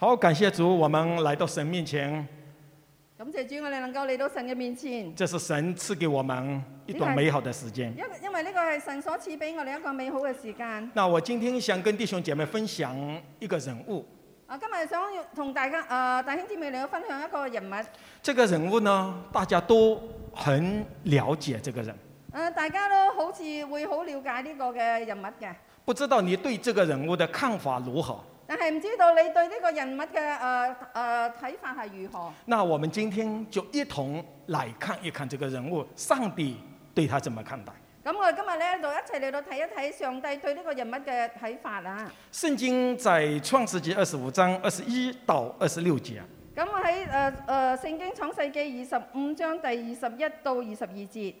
好感謝主，我們來到神面前。感謝主，我哋能夠嚟到神嘅面前。這是神賜給我們一段美好的時間。因因為呢個係神所賜俾我哋一個美好嘅時間。那我今天想跟弟兄姐妹分享一個人物。我今日想要同大家，啊、呃，大兄弟兄姐妹嚟分享一個人物。這個人物呢，大家都很了解這個人。誒、呃，大家都好似會好了解呢個嘅人物嘅。不知道你對這個人物的看法如何？但係唔知道你對呢個人物嘅，誒誒睇法係如何？那我們今天就一同來看一看這個人物，上帝對他怎麼看待？咁我哋今日咧就一齊嚟到睇一睇上帝對呢個人物嘅睇法啦！聖經在創世記二十五章二十一到二十六節。咁我喺誒誒，聖經創世記二十五章第二十一到二十二節。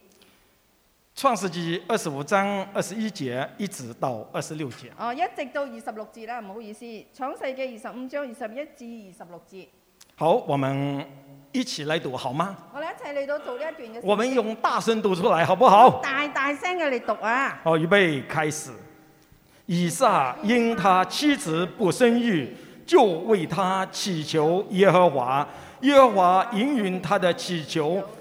創世紀二十五章二十一節，一直到二十六節。哦，一直到二十六節啦，唔好意思，創世紀二十五章二十一至二十六節。好，我們一起來讀好嗎？我哋一齊嚟到讀呢一段嘅。我們用大聲讀出來，好不好？大大聲嘅嚟讀啊！好，預備開始。以撒因他妻子不生育，就為他祈求耶和華，耶和華應允他的祈求。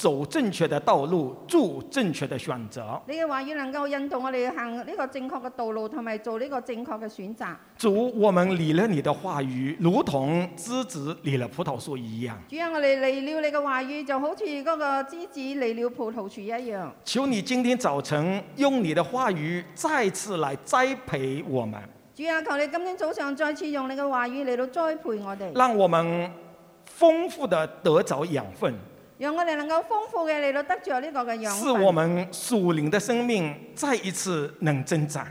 走正確的道路，做正確的選擇。你嘅話語能夠引導我哋行呢個正確嘅道路，同埋做呢個正確嘅選擇。主，我們離了你的話語，如同枝子離了葡萄樹一樣。主啊，我哋離了你嘅話語，就好似嗰個枝子離了葡萄樹一樣。求你今天早晨用你的話語再次來栽培我們。主啊，求你今天早上再次用你嘅話語嚟到栽培我哋，讓我們豐富地得着養分。讓我哋能夠豐富嘅嚟到得著呢個嘅養分，使我們屬靈的生命再一次能增長，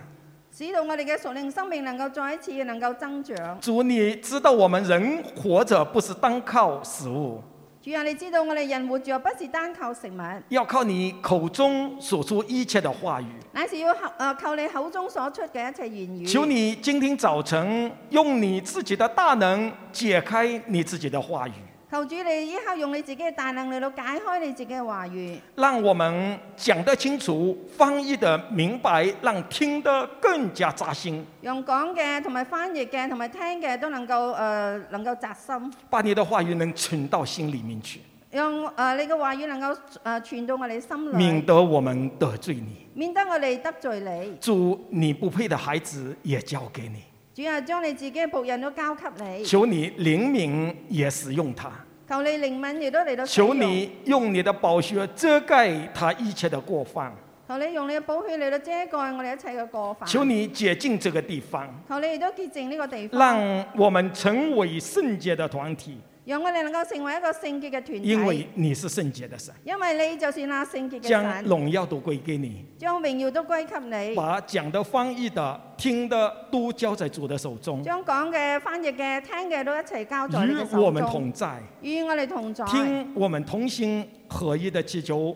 使到我哋嘅屬靈生命能夠再一次能夠增長。主你知道我們人活着不是單靠食物，主啊你知道我哋人活着不是單靠食物，要靠你口中所說一切的話語，乃是要靠呃靠你口中所出嘅一切言語。求你今天早晨用你自己的大能解開你自己的話語。求主你以後用你自己嘅大能力嚟解開你自己嘅話語，讓我們講得清楚，翻譯得明白，讓聽得更加扎心。用講嘅同埋翻譯嘅同埋聽嘅都能夠誒、呃、能夠扎心，把你的話語能存到心裏面去，用誒、呃、你嘅話語能夠誒傳到我哋心裏，免得我們得罪你，免得我哋得罪你。主，你不配嘅孩子也交給你。主啊，將你自己嘅僕人都交給你。求你靈敏也使用它。求你靈敏亦都嚟到使用。求你用你的寶血遮蓋他一切嘅過犯。求你用你嘅寶血嚟到遮蓋我哋一切嘅過犯。求你潔淨這個地方。求你亦都潔淨呢個地方。讓我們成為聖潔嘅團體。讓我哋能夠成為一個聖潔嘅團體。因為你是聖潔嘅神。因為你就是那聖潔嘅神。將榮耀都歸給你。將榮耀都歸給你。把講的、翻譯的、聽的都交在主的手中。將講嘅、翻譯嘅、聽嘅都一齊交在你的手中。與我們同在。與我哋同在。聽我們同心合意的祈求，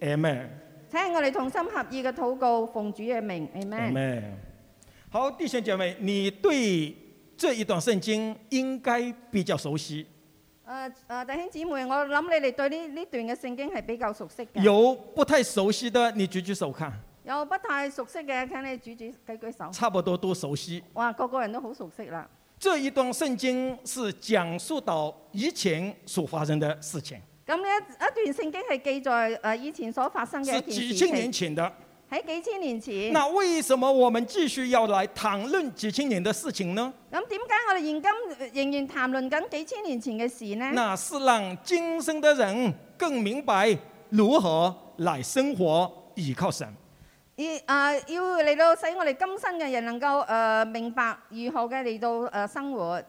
阿門。聽我哋同心合意嘅禱告，奉主嘅名，阿門。阿門。好，弟兄姐妹，你對這一段聖經應該比較熟悉。誒、呃、誒，弟兄姊妹，我諗你哋對呢呢段嘅聖經係比較熟悉嘅。有不太熟悉的，你舉舉手看。有不太熟悉嘅，請你舉舉舉舉手。差不多都熟悉。哇，個個人都好熟悉啦。這一段聖經是講述到以前所發生的事情。咁呢一一段聖經係記載誒、呃、以前所發生嘅。是幾千年前的。喺幾千年前，那為什麼我們繼續要來談論幾千年的事情呢？咁點解我哋現今仍然談論緊幾千年前嘅事呢？那是讓今生的人更明白如何來生活，依靠神。而啊、呃，要嚟到使我哋今生嘅人能夠誒、呃、明白如何嘅嚟到誒、呃、生活。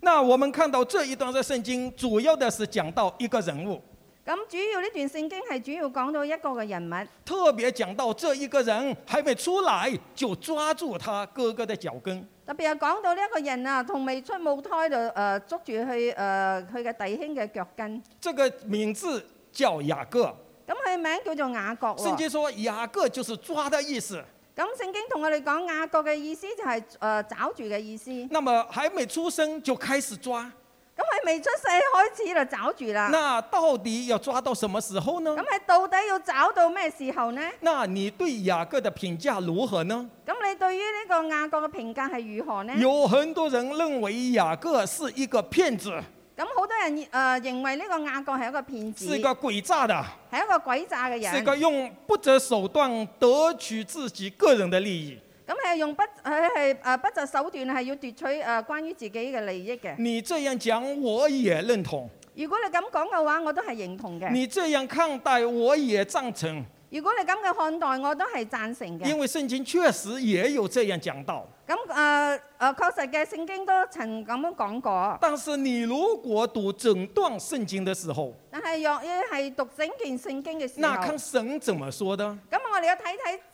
那我們看到這一段嘅聖經，主要的是講到一個人物。咁主要呢段聖經係主要講到一個嘅人物，特別講到這一個人啊，還沒出來就抓住他哥哥嘅腳跟。特別又講到呢一個人啊，同未出母胎就誒捉住佢誒佢嘅弟兄嘅腳跟。這個名字叫雅各。咁佢名叫做雅各。聖經說雅各就是抓的意思。咁聖經同我哋講雅各嘅意思就係誒抓住嘅意思。那麼還沒出生就開始抓。咁佢未出世開始就抓住啦。那到底要抓到什麼時候呢？咁佢到底要抓到咩時候呢？那你對雅各嘅評價如何呢？咁你對於呢個雅各嘅評價係如何呢？有很多人認為雅各是一個騙子。咁好多人誒、呃、認為呢個雅各係一個騙子。係一個詭詐的。係一個詭詐嘅人。係個用不擇手段得取自己個人的利益。咁係用不佢係啊不擇手段係要奪取誒、啊、關於自己嘅利益嘅。你這樣講，我也認同。如果你咁講嘅話，我都係認同嘅。你這樣看待，我也贊成。如果你咁嘅看待，我都係贊成嘅。因為聖經確實也有這樣講到。咁誒誒，確實嘅聖經都曾咁樣講過。但是你如果讀整段聖經嘅時候，但係若於係讀整件聖經嘅時候，那看神怎麼說的？咁我哋要睇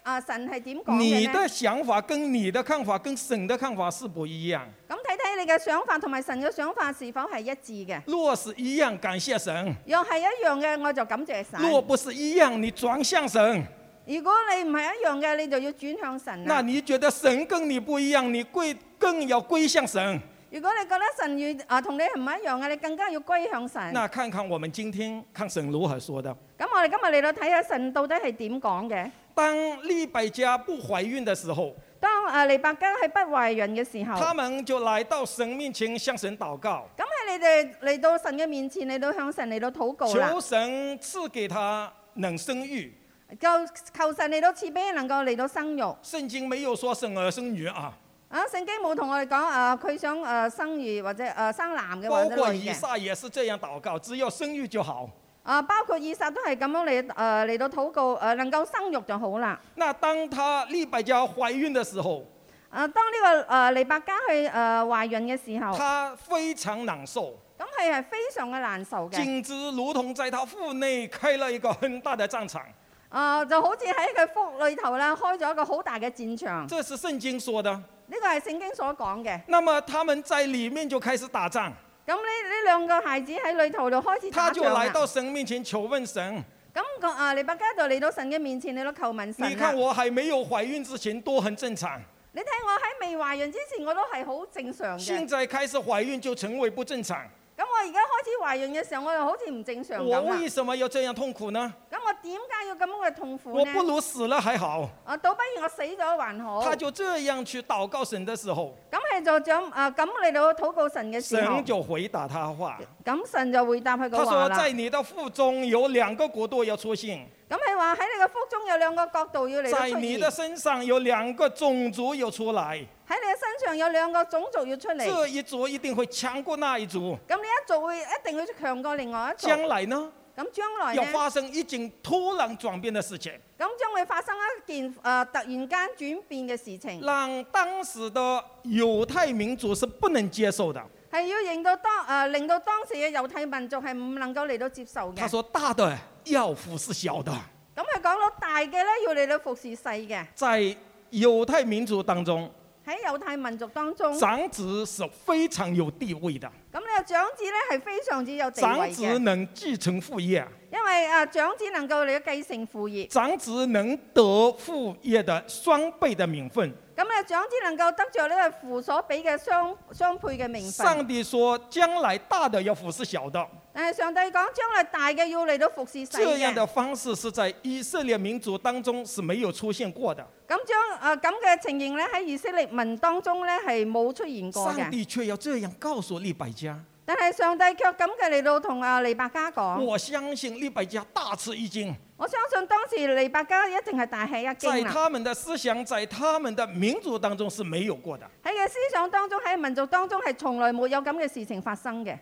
睇誒神係點講嘅咧？你的想法跟你的看法跟神的看法是不一樣。咁睇睇你嘅想法同埋神嘅想法是否係一致嘅？若是一樣，感謝神。若係一樣嘅，我就感謝神。若不是一樣，你轉向神。如果你唔係一樣嘅，你就要轉向神。那你覺得神跟你不一樣，你歸更要歸向神。如果你覺得神與啊同你唔係一樣嘅，你更加要歸向神。那看看我們今天看神如何說的。咁我哋今日嚟到睇下神到底係點講嘅。當利百加不懷孕嘅時候，當啊利百加喺不懷孕嘅時候，他們就來到神面前向神禱告。咁係你哋嚟到神嘅面前，你都向神嚟到禱告。求神賜給他能生育。就求神嚟到賜俾你，能夠嚟到生育。聖經沒有說生兒生女啊。啊，聖經冇同我哋講啊，佢、呃、想誒、呃、生育或者誒、呃、生男嘅話。包括以撒也是這樣禱告，只要生育就好。啊，包括以撒都係咁樣嚟誒嚟到禱告，誒、呃、能夠生育就好啦。那當他利百加懷孕嘅時候，啊，當呢、這個誒利、呃、百加去誒、呃、懷孕嘅時候，她非常難受。咁佢係非常嘅難受嘅。簡直如同在她腹內開了一個很大的戰場。啊、呃，就好似喺佢腹裏頭啦，開咗一個好大嘅戰場。這是聖經說的。呢、這個係聖經所講嘅。那麼他們在裏面就開始打仗。咁呢呢兩個孩子喺裏頭就開始打仗。他就來到神面前求問神。咁、那個啊利百加就嚟到神嘅面前你都求問神。你看我還沒有懷孕之前都很正常。你睇我喺未懷孕之前我都係好正常。現在開始懷孕就成為不正常。咁我而家開始懷孕嘅時候，我又好似唔正常咁啊！我為什麼要這樣痛苦呢？咁我點解要咁樣嘅痛苦？我不如死了還好。啊，倒不如我死咗還好。他就這樣去禱告神嘅時候。咁係就講啊！咁嚟到禱告神嘅時候。神就回答他話。咁神就回答佢話。佢話：說在你的腹中有兩個國度要出現。咁係話喺你個腹中有兩個角度要嚟得出現，在你嘅身上有兩個種族要出嚟，喺你嘅身上有兩個種族要出嚟。這一族一定會強過那一族。咁你一組會一定會強過另外一組。將來呢？咁將來要發生一件突然轉變嘅事情。咁將會發生一件誒、呃、突然間轉變嘅事情、嗯。讓當時的猶太民族是不能接受的。係要令到當誒、呃，令到當時嘅猶太民族係唔能夠嚟到接受嘅。他說：大的要，服，是的，是大的要服侍小的。咁佢講到大嘅咧，要嚟到服侍細嘅。在猶太民族當中，喺猶太民族當中，長子是非常有地位嘅。咁你個長子咧係非常之有地位嘅。長子能繼承父業。因為誒、啊、長子能夠嚟到繼承父業。長子能得父業嘅雙倍嘅名分。咁啊，長子能夠得著呢個父所俾嘅相相配嘅名分。上帝說，將來大嘅要服侍小嘅，但係上帝講，將來大嘅要嚟到服侍細嘅。這樣的方式是在以色列民族當中是沒有出現過嘅。咁將啊咁嘅情形咧，喺以色列民當中咧係冇出現過嘅。上帝卻要這樣告訴利百家。但係上帝卻咁嘅嚟到同阿利百加講，我相信利百加大吃一驚。我相信當時利百加一定係大吃一驚。在他們的思想，在他們的民族當中是沒有過的。喺佢思想當中，喺民族當中係從來沒有咁嘅事情發生嘅。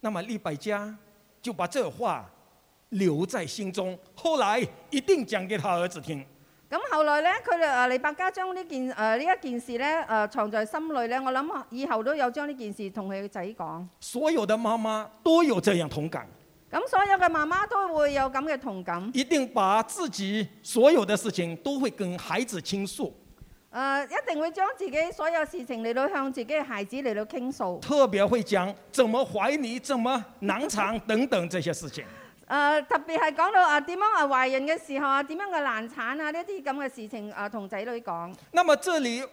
那麼利百加就把這話留在心中，後來一定講給他兒子聽。咁後來呢，佢哋啊，利百加將呢件誒呢一件事咧，誒、呃、藏在心裏呢。呢我諗以後都有將呢件事同佢仔講。所有的媽媽都有這樣同感。咁所有嘅媽媽都會有咁嘅同感。一定把自己所有的事情都會跟孩子傾訴。誒、呃，一定會將自己所有事情嚟到向自己嘅孩子嚟到傾訴。特別會講怎麼懷你，怎麼難產等等這些事情。 誒、呃、特別係講到誒點樣誒懷孕嘅時候啊，點樣嘅難產啊，呢啲咁嘅事情誒同仔女講。那麼這裡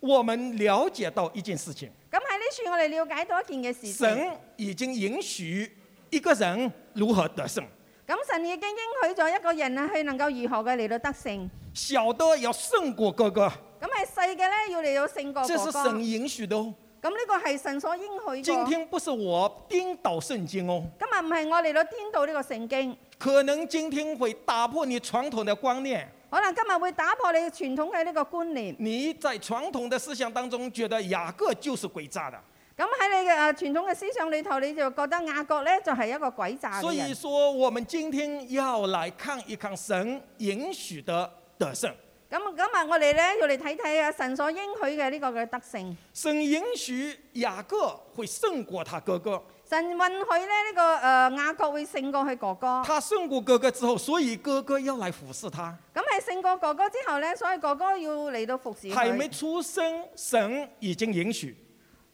我們了解到一件事情。咁喺呢處我哋了解到一件嘅事情。神已經允許一個人如何得勝。咁、嗯、神已經應許咗一個人啊，去能夠如何嘅嚟到得勝。小的要勝過哥哥。咁係細嘅咧，要嚟到勝過哥哥。這是神允許的，哦。咁、這、呢個係神所應許嘅。今天不是我顛倒聖經哦。今日唔係我嚟到顛倒呢個聖經。可能今天會打破你傳統嘅觀念。可能今日會打破你傳統嘅呢個觀念。你在傳統的思想當中，覺得雅各就是鬼詐的。咁喺你嘅啊傳統嘅思想裏頭，你就覺得雅各咧就係一個鬼詐。所以說，我們今天要來看一看神應許的得勝。.咁咁啊！我哋咧要嚟睇睇啊，看看神所應許嘅呢個嘅得勝。神允許雅各會勝過他哥哥。神允許咧呢、這個誒、呃、雅各會勝過佢哥哥。他勝過哥哥之後，所以哥哥要嚟服侍他。咁喺勝過哥哥之後咧，所以哥哥要嚟到服侍佢。未出生，神已經允許。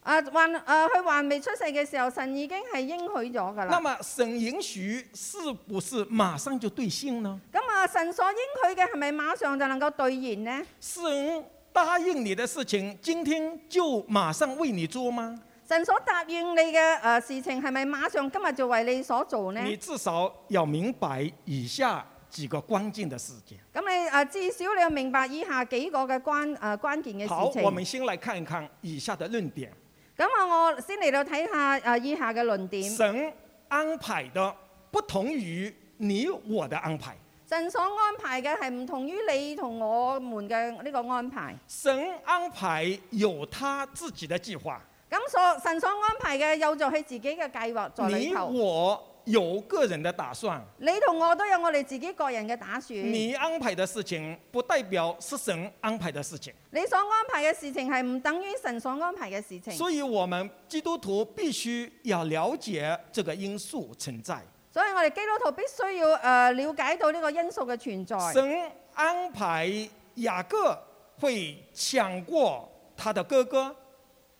啊，還，啊，佢還未出世嘅時候，神已經係應許咗㗎啦。那麼神應許是不是馬上就兌現呢？咁啊，神所應許嘅係咪馬上就能夠兌現呢？神答應你的事情，今天就馬上為你做嗎？神所答應你嘅誒、啊、事情係咪馬上今日就為你所做呢？你至少要明白以下幾個關鍵嘅事情。咁你啊，至少你要明白以下幾個嘅關誒、啊、關鍵嘅事情。好，我們先來看一看以下的論點。咁我我先嚟到睇下誒，以下嘅論點。神安排嘅，不同於你我的安排。神所安排嘅係唔同於你同我們嘅呢個安排。神安排有他自己的計劃。咁所神所安排嘅又就係自己嘅計劃，在你我有個人的打算，你同我都有我哋自己個人嘅打算。你安排的事情，不代表是神安排的事情。你所安排嘅事情係唔等於神所安排嘅事情。所以我們基督徒必須要了解這個因素存在。所以我哋基督徒必須要誒了解到呢個因素嘅存在。神安排雅各會搶過他的哥哥，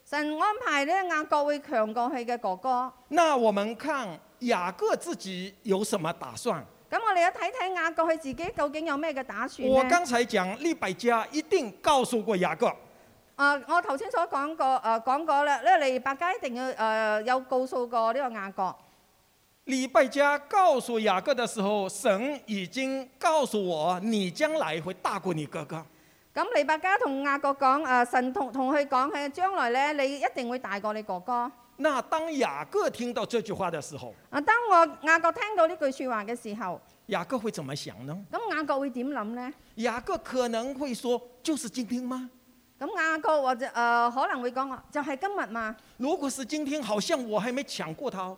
神安排呢雅各會搶過佢嘅哥哥。那我們看。雅各自己有什麼打算？咁我哋要睇睇雅各佢自己究竟有咩嘅打算。我剛才講利百加一定告訴過雅各。誒、呃，我頭先所講過，誒、呃、講過啦，呢個利百加一定要誒、呃、有告訴過呢個雅各。利百加告訴雅各嘅時候，神已經告訴我，你將來會大過你哥哥。咁、嗯、利百加同雅各講，誒、呃、神同同佢講佢將來咧，你一定會大過你哥哥。那當雅各聽到這句話的時候，啊，當我雅各聽到呢句說話嘅時候，雅各會怎麼想呢？咁雅各會點諗呢？雅各可能會說：，就是今天嗎？咁雅各或者誒，可能會講：，就係今日嘛？如果是今天，好像我還沒搶過他。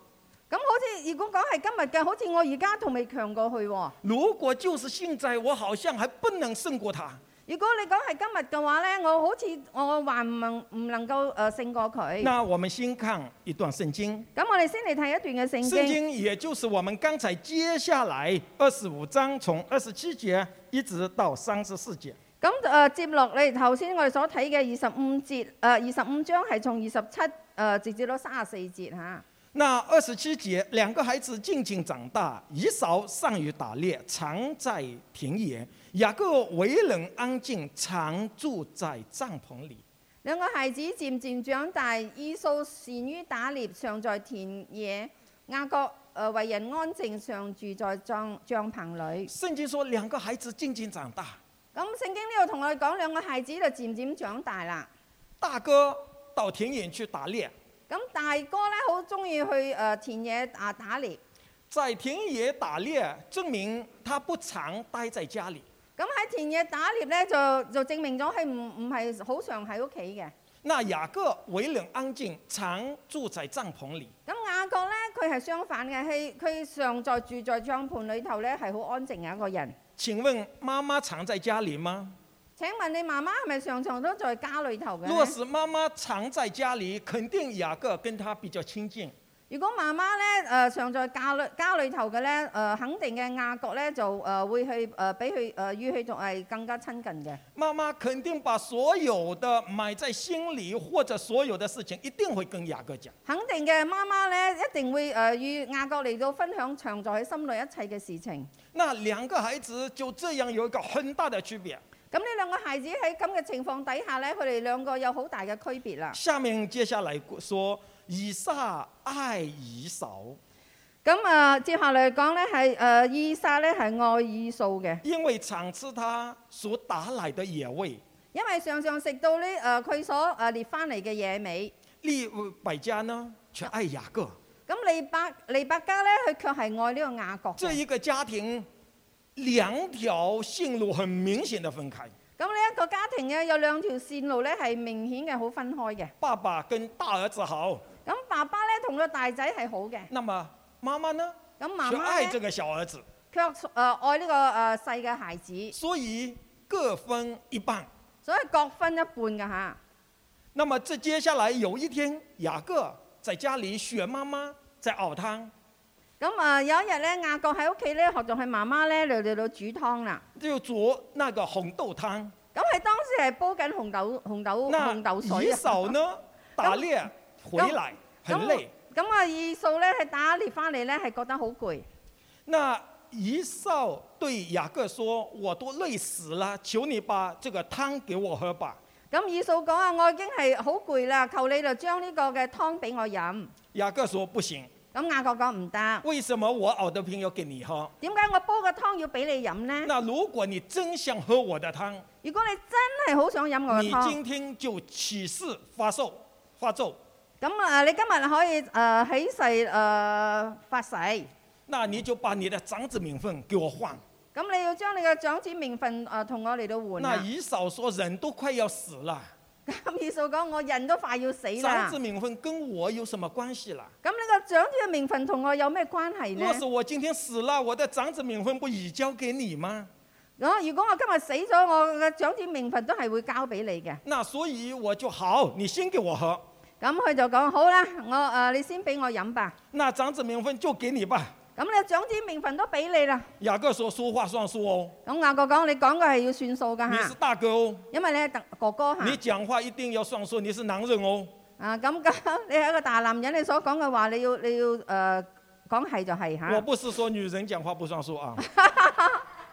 咁好似如果講係今日嘅，好似我而家仲未強過去。如果就是現在，我好像還不能勝過他。如果你講係今日嘅話咧，我好似我還唔唔能，能夠誒勝、呃、過佢。那我們先看一段聖經。咁我哋先嚟睇一段嘅聖經。聖經也就是我們剛才接下來二十五章從二十七節一直到三十四節。咁誒、呃、接落嚟頭先我哋所睇嘅二十五節誒二十五章係從二十七誒直至到三十四節吓。嗱二十七節，兩個孩子漸漸長大，以掃善於打獵，常在田野。雅各為人安靜，常住在帳篷裏。兩個孩子漸漸長大，以掃善於打獵，常在田野。雅各誒為人安靜，常住在帳帳篷裏。聖經說兩個孩子漸漸長大。咁聖經呢度同我講兩個孩子就漸漸長大啦。大哥到田野去打獵。咁大哥咧好中意去誒田野啊打獵。在田野打獵，證明他不常待在家裏。咁喺田野打獵咧，就就證明咗佢唔唔係好常喺屋企嘅。那雅各為人安靜，常住在帳篷裏。咁雅各咧，佢係相反嘅，佢佢常在住在帳篷裏頭咧，係好安靜嘅一個人。請問媽媽常在家裏嗎？請問你媽媽係咪常常都在家裏頭嘅？若是媽媽常在家裏，肯定雅各跟她比較親近。如果媽媽咧誒常在家裏家裏頭嘅咧誒，肯定嘅雅各咧就誒、呃、會去誒俾佢誒與佢仲係更加親近嘅。媽媽肯定把所有嘅埋在心裡，或者所有嘅事情，一定會跟雅各講。肯定嘅媽媽咧，一定會誒與雅各嚟到分享常在喺心裏一切嘅事情。那兩個孩子就這樣有一個很大的區別。咁呢兩個孩子喺咁嘅情況底下咧，佢哋兩個有好大嘅區別啦。下面接下嚟講。以撒愛以掃。咁啊，接下嚟講咧係誒，以撒咧係愛以掃嘅。因為常吃他所打嚟嘅野味。因為常常食到呢誒佢所誒列翻嚟嘅野味。利百加呢，卻愛雅各。咁利百利百加咧，佢卻係愛呢個雅各。這一個家庭兩條線路很明顯的分開。咁呢一個家庭呢有兩條線路咧，係明顯嘅好分開嘅。爸爸跟大兒子好。咁爸爸咧同個大仔係好嘅。那麼媽媽呢？咁媽媽呢？卻愛這個小兒子。卻誒愛呢個誒細嘅孩子。所以各分一半。所以各分一半噶吓。那麼這接下來有一天，雅各在家裏學媽媽在熬湯。咁啊有一日咧，雅各喺屋企咧學住佢媽媽咧嚟嚟到煮湯啦。要煮那個紅豆湯。咁係當時係煲緊紅豆紅豆紅豆水啊。以掃呢？打獵？ 回來很累。咁我二嫂咧，係打獵翻嚟咧，係覺得好攰。那二嫂對雅各說：，我都累死了，求你把這個湯給我喝吧。咁二嫂講啊，我已經係好攰啦，求你就將呢個嘅湯俾我飲。雅各說：，不行。咁雅各講唔得。為什麼我熬的湯要給你喝？點解我煲嘅湯要俾你飲呢？那如果你真想喝我的湯，如果你真係好想飲我的湯，你今天就起誓發咒，發咒。咁啊！你今日可以誒、呃、起誓誒、呃、發誓。那你就把你的長子名分給我換。咁你要將你嘅長子名分誒同、呃、我嚟到換、啊、那以掃說人都快要死了。咁 以掃講，我人都快要死啦。長子名分跟我有什麼關係啦、啊？咁你個長子嘅名分同我有咩關係呢？若是我今天死了，我的長子名分不移交給你嗎？哦，如果我今日死咗，我嘅長子名分都係會交俾你嘅。那所以我就好，你先給我喝。咁佢就講好啦，我誒你先俾我飲吧。那長子名分就給你吧。咁你長子名分都俾你啦。雅各說，說話算數。咁雅各講你講嘅係要算數噶吓。你是大哥哦。因為你係大哥哥吓。你講話一定要算數，你是男人哦。啊咁，咁，你係一個大男人，你所講嘅話，你要你要誒，講係就係吓。我不是說女人講話不算數啊。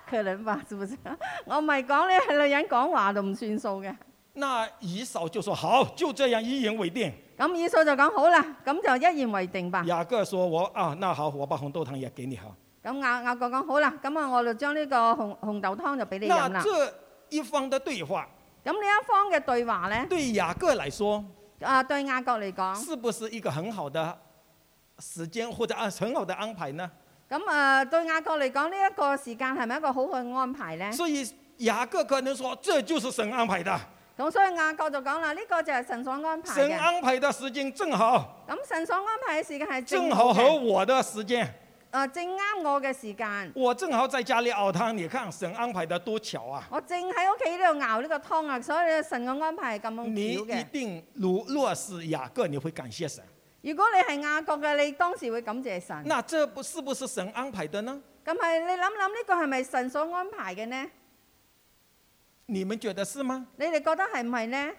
可能吧，是不是？我唔係講你係女人講話就唔算數嘅。那以掃就說：好，就這樣一言為定。咁以掃就講好啦，咁就一言為定吧。雅各說我啊，那好，我把紅豆湯也給你喝。咁雅雅各講好啦，咁啊，我就將呢個紅紅豆湯就俾你飲啦。這一方的對話。咁呢一方嘅對話咧？對雅各來說。啊，對雅各嚟講。是不是一個很好的時間或者安很好的安排呢？咁啊，對雅各嚟講，呢一個時間係咪一個好好嘅安排咧？所以雅各可能說，這就是神安排的。咁、嗯、所以雅各就講啦，呢、這個就係神所安排。神安排嘅時間正好。咁、嗯、神所安排嘅時間係正正好和我嘅時間。啊、呃，正啱我嘅時間。我正好在家裏熬湯，你看神安排得多巧啊！我正喺屋企呢度熬呢個湯啊，所以神嘅安排係咁。你一定如若是雅各，你會感謝神。如果你係雅各嘅，你當時會感謝神。那這不是不是神安排的呢？咁、嗯、係，你諗諗呢個係咪神所安排嘅呢？你們覺得是嗎？你哋覺得係唔係呢？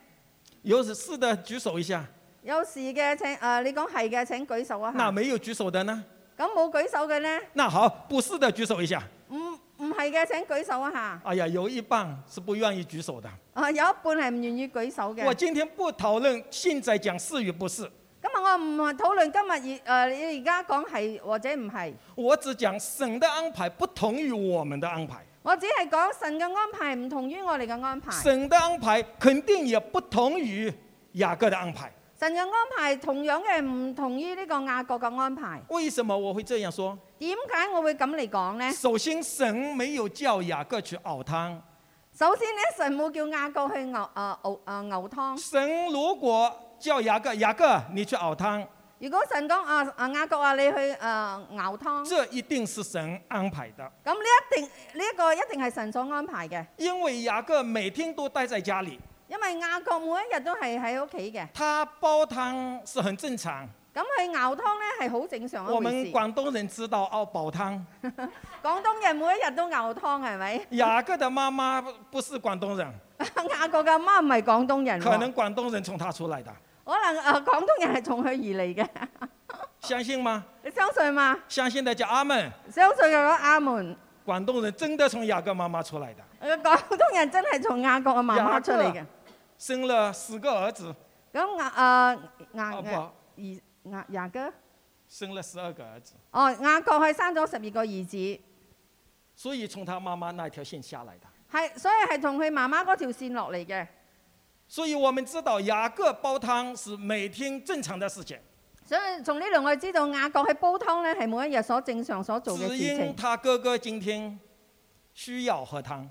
有是的舉手一下。有事嘅請，誒、呃，你講係嘅請舉手啊。那沒有舉手的呢？咁冇舉手嘅呢？那好，不是的舉手一下。唔唔係嘅請舉手啊。吓。哎呀，有一半是不願意舉手的。啊、呃，有一半係唔願意舉手嘅。我今天不討論現不，討論呃、現在講是與不是。今日我唔係討論，今日而誒而家講係或者唔係。我只講神的安排不同於我們的安排。我只係講神嘅安排唔同於我哋嘅安排。神嘅安排肯定也不同於雅各嘅安排。神嘅安排同樣嘅唔同於呢個雅各嘅安排。為什麼我會這樣說？點解我會咁嚟講呢？首先，神沒有叫雅各去熬湯。首先咧，神冇叫雅各去牛啊熬啊、呃呃呃、牛湯。神如果叫雅各，雅各你去熬湯。如果神講啊啊亞各啊，啊你去誒、啊、熬湯，這一定是神安排的。咁呢一定呢一、這個一定係神所安排嘅。因為雅各每天都待在家裡。因為亞各每一日都係喺屋企嘅。他煲湯是很正常。咁佢熬湯咧係好正常。我們廣東人知道熬煲湯。廣 東人每一日都熬湯係咪？雅各的媽媽不是廣東人。亞 各嘅媽唔係廣東人。可能廣東人從他出來的。可能誒、呃、廣東人係從佢而嚟嘅，相信嗎？你相信嗎？相信就叫阿門。相信就講阿門。廣東人真的從雅各媽媽出來的。誒廣東人真係從雅各嘅媽媽出嚟嘅。生了四個兒子。咁亞誒亞亞亞哥？生了十二個兒子。哦，雅各係生咗十二個兒子，所以從他媽媽那條線下來的。係，所以係從佢媽媽嗰條線落嚟嘅。所以我們知道雅各煲湯是每天正常的事情。所以從呢度我哋知道雅各喺煲湯呢係每一日所正常所做嘅事情。只因他哥哥今天需要喝湯。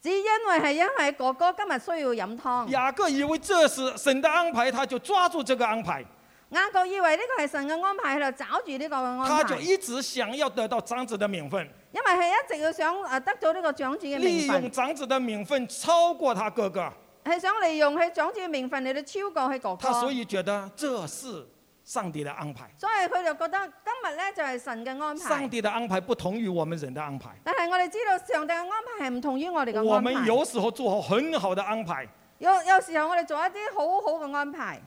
只因為係因為哥哥今日需要飲湯。雅各以為這是神的安排，他就抓住這個安排。雅各以為呢個係神嘅安排，喺度抓住呢個安排。他就一直想要得到長子嘅名分。因為係一直要想誒得到呢個長子嘅名分。利用長子嘅名分超過他哥哥。係想利用佢長子嘅名分嚟到超過佢哥哥。所以覺得這是上帝嘅安排。所以佢就覺得今日咧就係、是、神嘅安排。上帝嘅安排不同於我們人嘅安排。但係我哋知道上帝嘅安排係唔同於我哋嘅安排。我們有時候做好很好的安排。有有時候我哋做一啲好好嘅安排，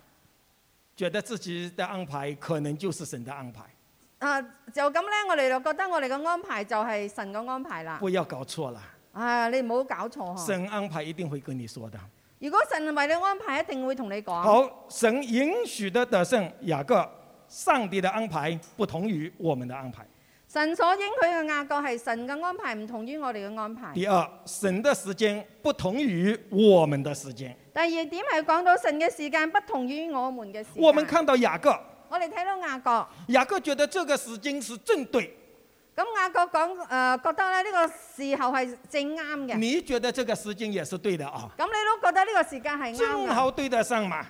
覺得自己嘅安排可能就是神嘅安排。啊，就咁咧，我哋就覺得我哋嘅安排就係神嘅安排啦。不要搞錯啦！啊，你唔好搞錯。神安排一定會跟你說的。如果神為你安排，一定會同你講。好，神應許的得勝雅各，上帝的安排不同於我們的安排。神所應許嘅雅各係神嘅安排，唔同於我哋嘅安排。第二，神的時間不同於我們的時間。第二點係講到神嘅時間不同於我們嘅時間。我們看到雅各，我哋睇到雅各，雅各覺得這個時間是正對。咁、嗯、雅各講誒覺得咧呢個時候係正啱嘅。你覺得這個時間也是對的哦、啊嗯。你都覺得呢個時間係啱嘅。正好對得上嘛。啊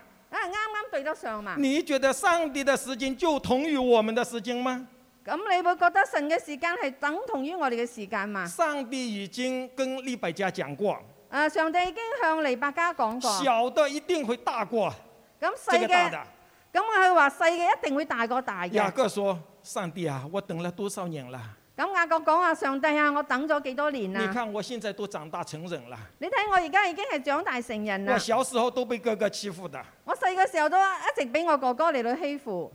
啱啱對得上嘛。你覺得上帝嘅時間就同於我們嘅時間嗎？咁、嗯、你會覺得神嘅時間係等同於我哋嘅時間嘛？上帝已經跟利百加講過。誒、呃、上帝已經向利百加講過。小的一定會大過。咁細嘅。這個咁我係話細嘅一定會大過大嘅。雅各說。上帝啊，我等了多少年啦？咁阿、啊、哥講話，上帝啊，我等咗幾多年啊？你看我現在都長大成人啦。你睇我而家已經係長大成人啦。我小時候都被哥哥欺負的。我細個時候都一直俾我哥哥嚟到欺負。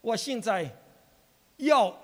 我現在要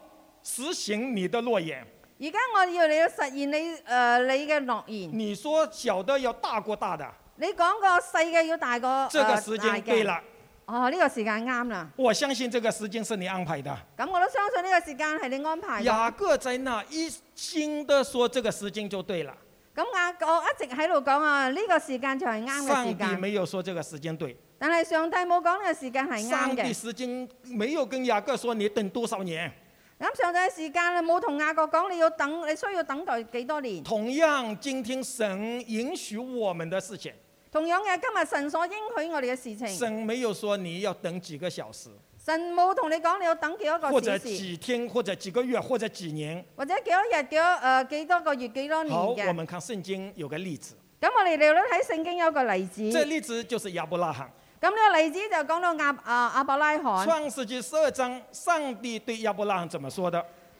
實行你的諾言。而家我要嚟到實現你誒、呃、你嘅諾言。你說小的要大過大的。你講個細嘅要大過。這個時間對啦。呃哦、呢、這個時間啱啦！我相信這個時間是你安排的。咁、嗯、我都相信呢個時間係你安排的。雅各在那一心的說，這個時間就對啦。咁雅各一直喺度講啊、呢、這個時間就係啱嚟嘅。上帝沒有說這個時間對。但係上帝冇講呢個時間係啱嘅。上帝時間沒有跟雅各說你等多少年。咁、嗯、上帝時間你冇同雅各講你要等，你需要等待幾多年？同樣，今天神允許我們的事情。同樣嘅，今日神所應許我哋嘅事情。神沒有說你要等幾個小時。神冇同你講你要等幾多個小時。或者幾天，或者幾個月，或者幾年，或者幾多日、幾多誒、呃、幾多個月、幾多年嘅。好，我們看聖經有個例子。咁、嗯、我哋嚟睇聖經有個例子。這例子就是亞伯拉罕。咁、嗯、呢、這個例子就講到亞、啊、亞伯拉罕。創世記十二章，上帝對亞伯拉罕怎麼說的？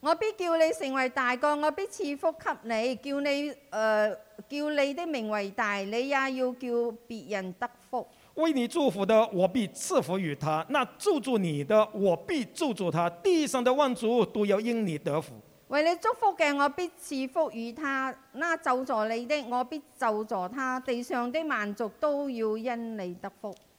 我必叫你成為大國，我必賜福給你，叫你誒、呃、叫你的名為大，你也要叫別人得福。為你祝福的，我必賜福與他；那咒詛你的，我必咒詛他。地上的萬族都要因你得福。為你祝福嘅，我必賜福與他；那咒詛你的，我必咒詛他。地上的萬族都要因你得福。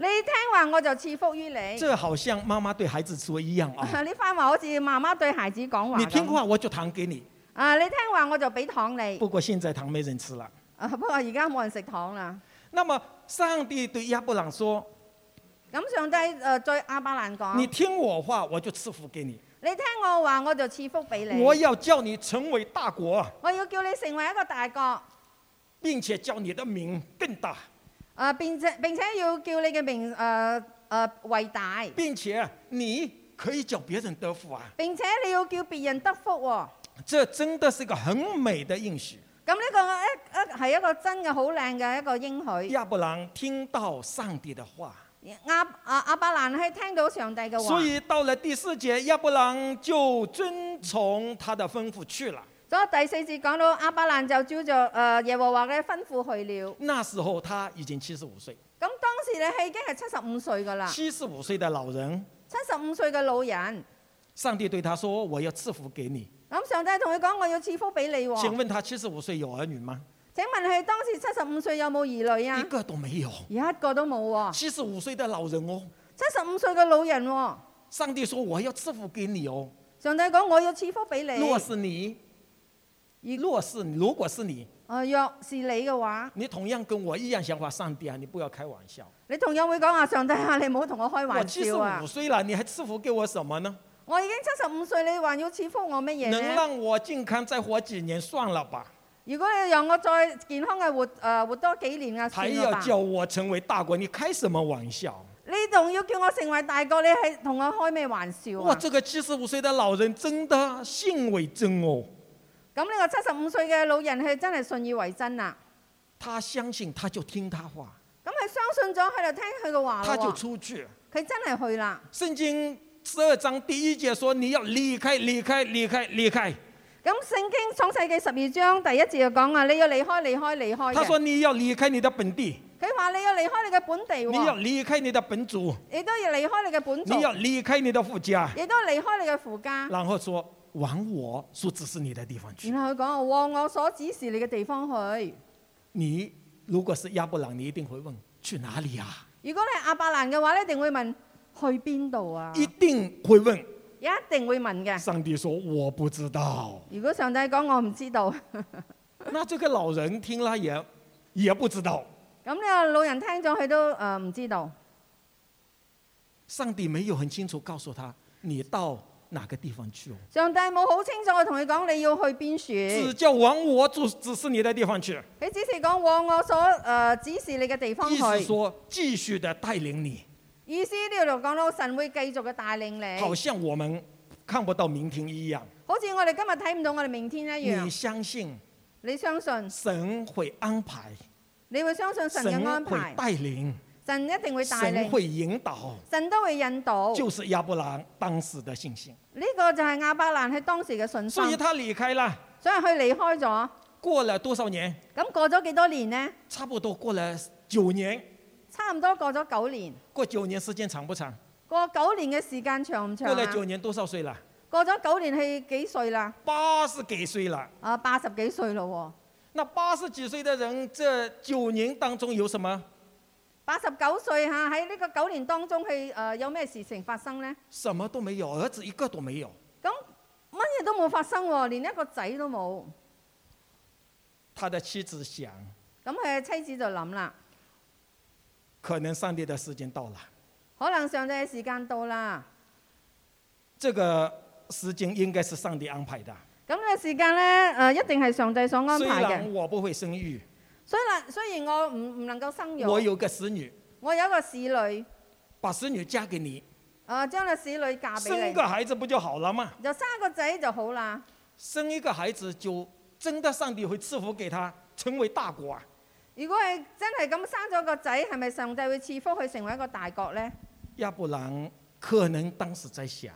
你聽話我就賜福於你。這好像媽媽對孩子說的一樣啊。呢番話好似媽媽對孩子講話。 你聽話我就糖給你。啊，你聽話我就俾糖你、 啊。不過現在糖沒人吃了。啊，不過而家冇人食糖啦。那麼上帝對亞伯蘭說：咁上帝誒對亞伯蘭講。你聽我話我就賜福給你。你聽我話我就賜福俾你。我要叫你成為大國。我要叫你成為一個大國，並且叫你的名更大。啊、呃！並且並且要叫你嘅名，誒、呃、誒，偉、呃、大。並且你可以叫別人得福啊！並且你要叫別人得福、啊、這真的是一個很美的應許。咁、嗯、呢、嗯這個一一係一個真嘅好靚嘅一個應許。亞伯蘭聽到上帝的話，亞亞亞伯蘭係聽到上帝嘅話，所以到了第四節，亞伯蘭就遵從他的吩咐去了。所以第四節講到亞伯蘭就照着誒、耶和華嘅吩咐去了。那時候他已經七十五歲。咁當時你佢已經係七十五歲噶啦。七十五歲嘅老人。七十五歲嘅老人。上帝對他說：我要賜福給你。咁上帝同佢講：我要賜福俾你，哦。請問他七十五歲有兒女嗎？請問佢當時七十五歲有冇兒女啊？一個都沒有。一個都冇喎，哦。七十五歲嘅老人哦。七十五歲嘅老人，哦。上帝說：我要賜福給你哦。上帝講：我要賜福俾你，哦。若是你。若是你，如果是你，啊，若是你嘅話，你同樣跟我一樣想法。上帝啊，你不要開玩笑。你同樣會講話，上帝啊，你唔好同我開玩笑啊。我七十五歲啦，你還賜福給我什麼呢？我已經七十五歲，你還要賜福我乜嘢？能讓我健康再活幾年算了吧。如果你讓我再健康嘅活，誒、呃、活多幾年啊，算了吧，還要叫我成為大國，你開什麼玩笑？你仲要叫我成為大國？你係同我開咩玩笑、啊、哇，這個七十五歲的老人真的信為真哦。咁呢個七十五歲嘅老人係真係信以為真啦。他相信，他就聽他話。咁佢相信咗，佢就聽佢嘅話咯。他就出去。佢真係去啦。聖經十二章第一節說：你要離開，離開，離開，離開。咁聖經創世紀十二章第一節就講啊：你要離開，離開，離開。佢說你要離開你嘅本地。佢話你要離開你嘅本地。你要離開你嘅本族。你都要離開你嘅本族。你要離開你嘅父家。亦都離開你嘅父家。然後說。往我，所指示說，我所指示你的地方去。然後佢講：往我所指示你嘅地方去。你如果是亞伯蘭，你一定會問去哪裏啊？如果你係亞伯蘭嘅話，你一定會問去邊度啊？一定會問。一定會問嘅。上帝說：我不知道。如果上帝講我唔知， 知道，那這個老人聽了也也、呃、不知道。咁呢個老人聽咗佢都誒唔知道。上帝沒有很清楚告訴他，你到。哪個地方去？上帝冇好清楚，我同你講，你要去邊處。只叫往我指指示你嘅地方去。佢只是講往我所誒指示你嘅地方去。意思說繼續的帶領你。意思呢度講到神會繼續嘅帶領你。好像我們看不到明天一樣。好似我哋今日睇唔到我哋明天一樣。你相信？你相信？神會安排。你會相信神嘅安排？神會帶領。神一定會帶領，神都會引導，神都會引導。就是亞伯蘭當時的信心。呢、這個就係亞伯蘭喺當時嘅信心。所以他離開了，所以佢離開咗。過了多少年？咁過咗幾多年呢？差不多過了九年。差唔多過咗九年。過九年時間長不長？過九年嘅時間長唔長？過了九年多少歲啦？過咗九年係幾歲啦？八十幾歲啦。啊，八十幾歲咯喎、哦。那八十幾歲的人，這九年當中有什麼？八十九歲吓，喺呢個九年當中佢誒，有咩事情發生呢？什麼都沒有，兒子一個都沒有。咁乜嘢都冇發生喎，連一個仔都冇。他的妻子想。咁佢嘅妻子就諗啦，可能上帝嘅時間到啦。可能上帝嘅時間到啦。這個時間應該是上帝安排的。咁呢個時間咧誒，一定係上帝所安排嘅。雖然我不會生育。雖所以然我唔唔能夠生育，我有個使女，我有一個使女，把使女嫁給你，啊，將個使女嫁俾你，生一個孩子不就好啦嘛？就生一個仔就好啦。生一個孩子就真的上帝會賜福給他，成為大國啊！如果係真係咁生咗個仔，係咪上帝會賜福佢成為一個大國呢？要不然，可能當時在想。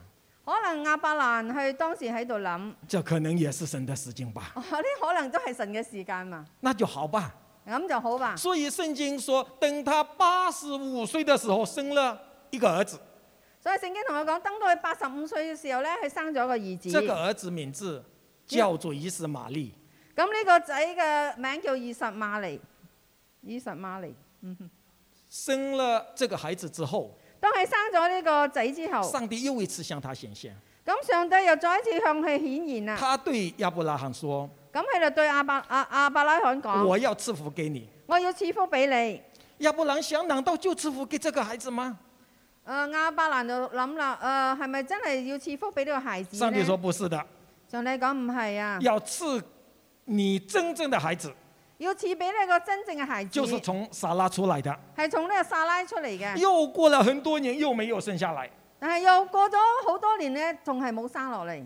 可能亞伯蘭去當時喺度諗。就可能也是神的時間吧。呢、哦、可能都係神嘅時間嘛。那就好吧。咁就好吧。所以聖經說，等他八十五歲的時候生了一個兒子。所以聖經同佢講，等到佢八十五歲嘅時候咧，佢生咗個兒子。這個兒子的名字叫做以實瑪利。咁、這、呢個仔嘅名叫以實瑪利。以實瑪利。嗯哼。生了這個孩子之後。當佢生咗呢個仔之後，上帝又一次向他顯現。咁上帝又再一次向佢顯現啦。他對亞伯拉罕說：，咁佢就對阿伯亞亞伯拉罕講：，我要賜福給你，我要賜福俾你。亞伯蘭想，難道就賜福給這個孩子嗎？誒，亞伯蘭就諗啦，誒，係咪真係要賜福俾呢個孩子？上帝說不是的。上帝講唔係啊，要賜你真正的孩子。要賜俾呢個真正嘅孩子，就是從撒拉出來嘅。係從呢個撒拉出嚟嘅。又過了很多年，又沒有生下來。但係又過咗好多年呢，仲係冇生落嚟。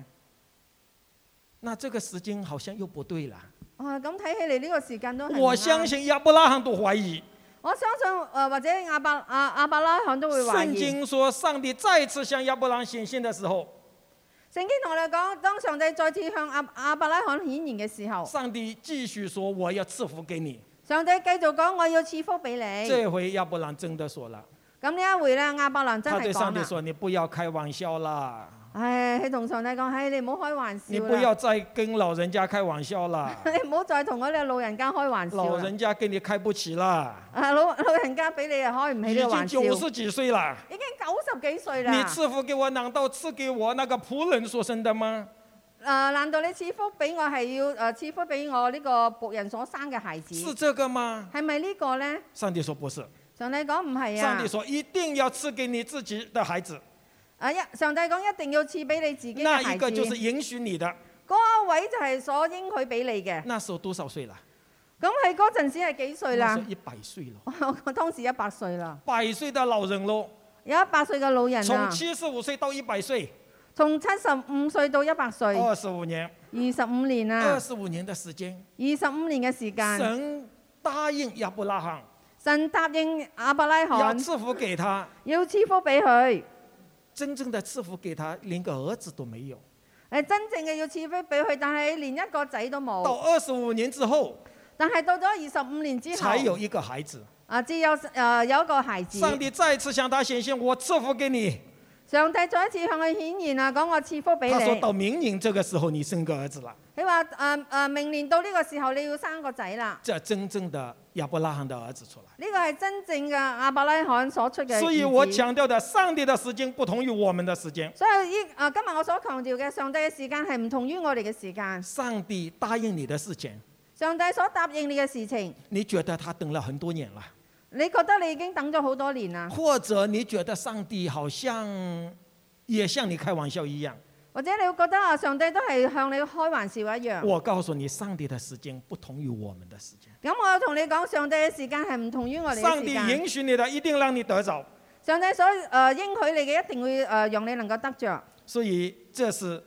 那這個時間好像又不對啦。啊，咁睇起嚟呢個時間都不我相信亞伯拉罕都懷疑。我相信誒、呃，或者亞伯亞亞、啊、伯拉罕都會懷疑。聖經說，上帝再次向亞伯拉罕顯現嘅時候。聖經同你講，當上帝再次向亞亞伯拉罕顯言嘅時候，上帝繼續說我要賜福給你。上帝繼續講，我要賜福俾你。這回亞伯蘭真的說了。咁呢一回咧，亞伯蘭真係講啦。他對上帝說：你不要開玩笑啦。哎，佢同上帝講，哎，你唔好開玩笑啦！你不要再跟老人家開玩笑啦！你唔好再同我哋老人家開玩笑。老人家跟你開不起了。老老人家俾你啊，開唔起呢個玩笑。已經九十幾歲啦。已經九十幾歲啦。你賜福給我，難道賜給我那個僕人所生的嗎？啊，難道你賜福俾我係要？啊，賜福俾我呢個僕人所生嘅孩子？是這個嗎？係咪呢個咧？上帝說不是。上帝講唔係啊。上帝說一定要賜給你自己的孩子。啊，一，上帝講一定要賜俾你自己嘅孩子，那一個就是允許你的。嗰、那個、位就係所應許俾你嘅。那時候多少歲啦？咁佢嗰陣時係幾歲啦？一百歲啦。我 我當時一百歲啦。百歲的老人咯。有一百歲嘅老人啊。從七十五歲到一百歲。從七十五歲到一百歲。二十五年。二十五年啊。二十五年嘅時間。二十五年嘅時間。神答應亞伯拉罕。神答應亞伯拉罕。要賜福給他。 要賜福俾佢。真正的賜福給他，連個兒子都沒有。誒，真正嘅要賜福俾佢，但係連一個仔都冇。到二十五年之後，但係到咗二十五年之後，還有一個孩子。啊，只有呃，有一個孩子。上帝再次向他顯現，我賜福給你。上帝再一次向佢顯現啊，講我賜福俾你。他說到明年這個時候，你生個兒子啦。你話，誒誒，明年到呢個時候，你要生個仔啦。即係真正的亞伯拉罕嘅兒子出嚟呢，呢個係真正嘅阿伯拉罕所出嘅。所以我強調的上帝嘅時間不同於我們嘅時間。所以依、呃、今日我所強調嘅上帝嘅時間係唔同於我哋嘅時間。上帝答應你嘅事情，上帝所答應你嘅事情。你覺得他等了很多年啦？你覺得你已經等咗好多年啦？或者你覺得上帝好像也像你開玩笑一樣？或者你會覺得啊，上帝都係向你開玩笑一樣。我告訴你，上帝嘅時間不同於我們嘅時間。咁我同你講，上帝嘅時間係唔同於我哋。上帝允許你嘅，一定讓你得走。上帝所誒、呃、應許你嘅，一定會誒、呃、讓你能夠得着。所以這是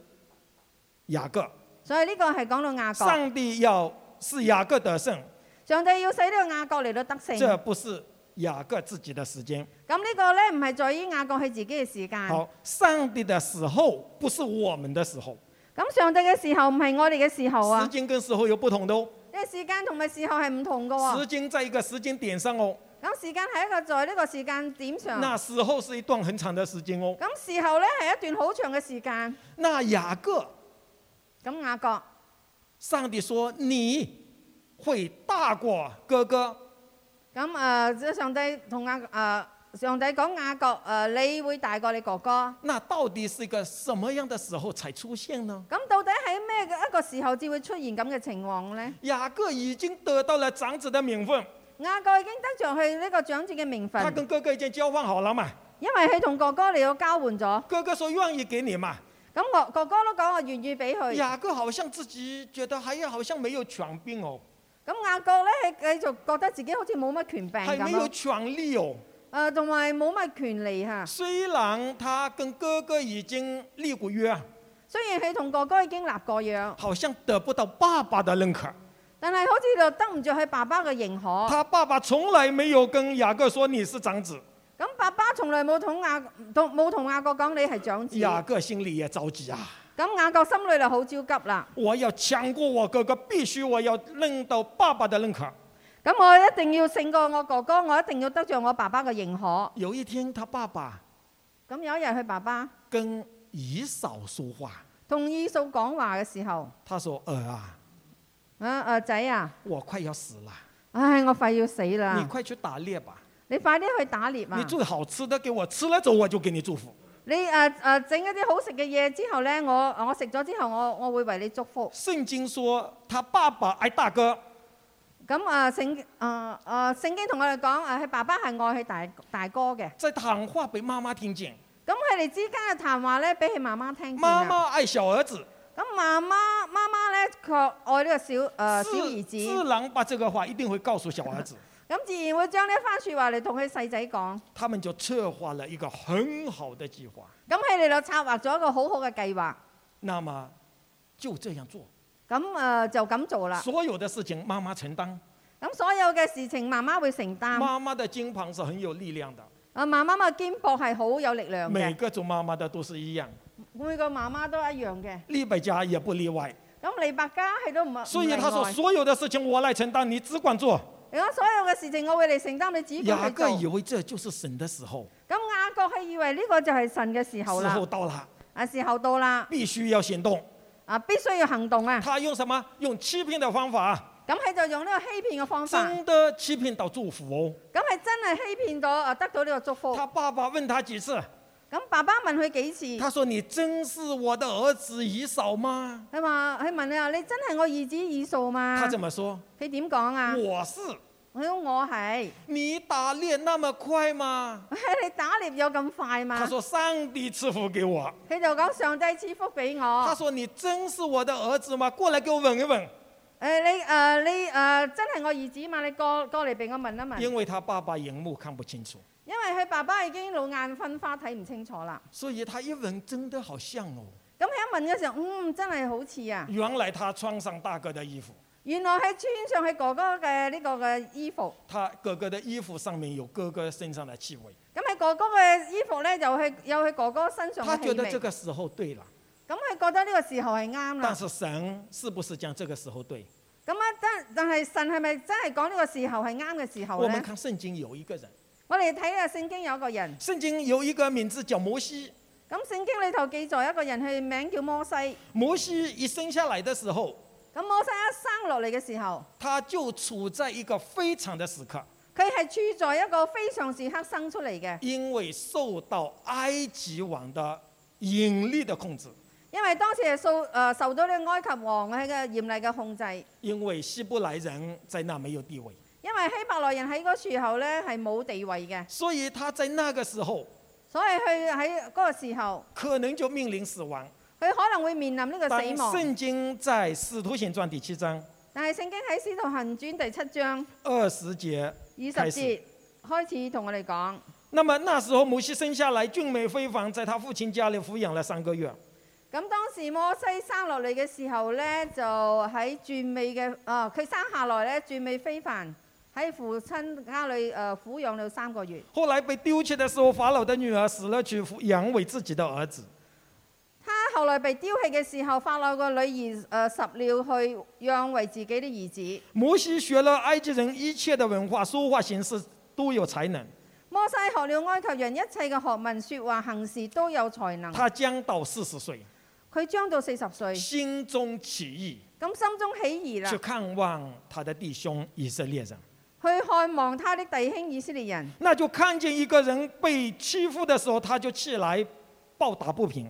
雅各。所以呢個係講到雅各，上雅各。上帝要使雅各得勝。上帝要使呢個雅各嚟到得勝。這不是。雅各自己的時間，咁呢個咧唔係在於雅各佢自，自己嘅時間。好，上帝嘅時候不是我們嘅時候。咁上帝嘅時候唔係我哋嘅時候啊。時間跟時候有不同咯、哦。因、這、為、個、時間同埋時候係唔同噶喎、哦。時間喺一個時間點上哦。咁時間係一個在呢個時間點上、哦。那時候是一段很長嘅時間哦。咁時候咧係一段好長嘅時間、哦。那雅各，咁雅各，上帝說：「你會大過哥哥。」咁誒，即、呃、上帝同阿誒上帝講雅各誒、呃，你會大過你哥哥。那到底是一個什麼樣嘅時候才出現呢？咁到底喺咩一個時候至會出現咁嘅情況呢？雅各已經得到了長子嘅名分。雅各已經得著係呢個長子嘅名分。他跟哥哥已經交換好了嘛？因為佢同哥哥嚟到交換咗。哥哥說願意給你嘛？咁我哥哥都講我願意俾佢。雅各好像自己覺得，好像沒有權柄哦。咁雅各咧，佢繼續覺得自己好似冇乜權柄咁啊！係冇權力哦。誒、呃，同埋冇乜權利嚇。雖然他跟哥哥已經立過約，雖然佢同哥哥已經立過約，好像得不到爸爸嘅認可。但係好似就得唔著佢爸爸嘅認可。他爸爸從來沒有跟雅各說你是長子。咁爸爸從來冇同雅冇同雅各講你係長子。雅各心裡也着急啊！咁雅各心裏就好焦急啦！我要搶過我哥哥，必須我要拎到爸爸的認可。咁我一定要勝過我哥哥，我一定要得着我爸爸嘅認可。有一天，他爸爸咁有一日，佢爸爸跟以掃說話，同以掃講話嘅時候，他說：兒、呃、啊，啊、呃、啊、呃、仔啊，我快要死啦！唉，我快要死啦！你快去打獵吧！你快啲去打獵吧！你做好吃的給我，吃了咗我就給你祝福。你誒誒整一啲好食嘅嘢之後咧，我我食咗之後我，我我會為你祝福。聖經說他爸爸愛大哥。咁誒聖誒誒聖經同、呃啊、我哋講誒，佢、啊、爸爸係愛佢大大哥嘅。即係談話俾媽媽聽見。咁佢哋之間嘅談話咧，俾佢媽媽聽見。媽媽愛小兒子。咁媽媽媽媽咧，媽媽媽媽呢卻愛呢個小小兒子。自然，把這個話一定會告訴小兒子。 咁自然會將呢一番說話嚟同佢細仔講。他們就策劃了一個很好的計劃。咁佢哋就策劃咗一個好好嘅計劃。那麼就這樣做。咁誒，就咁做啦。所有的事情媽媽承擔。咁所有嘅事情媽媽會承擔媽媽。媽媽的肩膀是很有力量的。阿媽媽嘅肩膊係好有力量嘅。每個做媽媽的都是一樣。每個媽媽都一樣嘅。利百加也不例外。咁利百加係都唔係。所以他說所有的事情我來承擔，你只管做。如果所有嘅事情，我會嚟承擔你指嘅。雅各以為這就是神嘅時候。咁雅各係以為呢個就係神嘅時候啦。時候到啦，啊時候到啦，必須要行動，啊必須要行動啊。他用什麼？用欺騙嘅方法。咁佢就用呢個欺騙嘅方法。真的欺騙到祝福，哦。咁係真係欺騙到啊，得到呢個祝福。他爸爸問他幾次？咁爸爸問佢幾次？他說：你真是我的兒子以掃嗎？佢話：佢問你話，你真係我兒子以掃嘛？他怎麼說？佢點講啊？我是，我我係。你打獵那麼快嗎？ 你打獵有咁快嗎？他說：上帝賜福給我。佢就講上帝賜福俾我。他說：你真是我的兒子嗎？過嚟給我吻一吻。誒、哎、你誒、呃、你誒、呃、真係我兒子嘛？你過過嚟俾我吻一吻。因為他爸爸眼目看不清楚。佢爸爸已經老眼昏花，睇唔清楚啦。所以他一聞，真的好像哦。咁佢一聞嘅時候，嗯，真係好似啊。原來他穿上大哥嘅衣服。原來佢穿上佢哥哥嘅呢個嘅衣服。他哥哥嘅衣服上面有哥哥身上嘅氣味。咁喺哥哥嘅衣服咧，又係又係哥哥身上嘅氣味。他覺得呢個時候對啦。咁佢覺得呢個時候係啱啦。但是神是不是講這個時候對？咁啊，但但係神係咪真係講呢個時候係啱嘅時候咧？我們看聖經有一個人。我哋睇下聖經有一個人。聖經有一個名字叫摩西。咁聖經裏頭記載一個人，佢名叫摩西。摩西一生下來嘅時候，咁摩西一生落嚟嘅時候，他就處在一個非常嘅時刻。佢係處在一個非常時刻生出嚟嘅。因為受到埃及王嘅嚴厲嘅控制。因為當時係受誒、呃、受到呢埃及王嘅嚴厲嘅控制。因為希伯來人在那沒有地位。因為希伯來人喺嗰時候呢係冇地位嘅，所以他在那個時候，所以佢喺嗰個時候可能就面臨死亡，佢可能會面臨呢個死亡。但聖經在使徒行傳第七章，但係聖經喺使徒行傳第七章二十節二十節開始同我哋講。那麼那時候摩西生下來俊美非凡，在他父親家裏撫養了三個月。咁當時摩西生落嚟嘅時候呢，就喺俊美嘅，啊、哦，佢生下來呢，俊美非凡。喺父親家裏誒撫養了三個月。後來被丟棄的時候，法老的女兒拾了去養為自己的兒子。他後來被丟棄嘅時候，法老個女兒誒拾了去養為自己的兒子。摩西學了埃及人一切的文化，說話形式都有才能。摩西學了埃及人一切嘅學問，說話行事都有才能。他將到四十歲。佢將到四十歲。心中起意。咁心中起意啦。去看望他的弟兄以色列人。去看望他的弟兄以色列人，那就看見一個人被欺負的時候，他就起來抱打不平。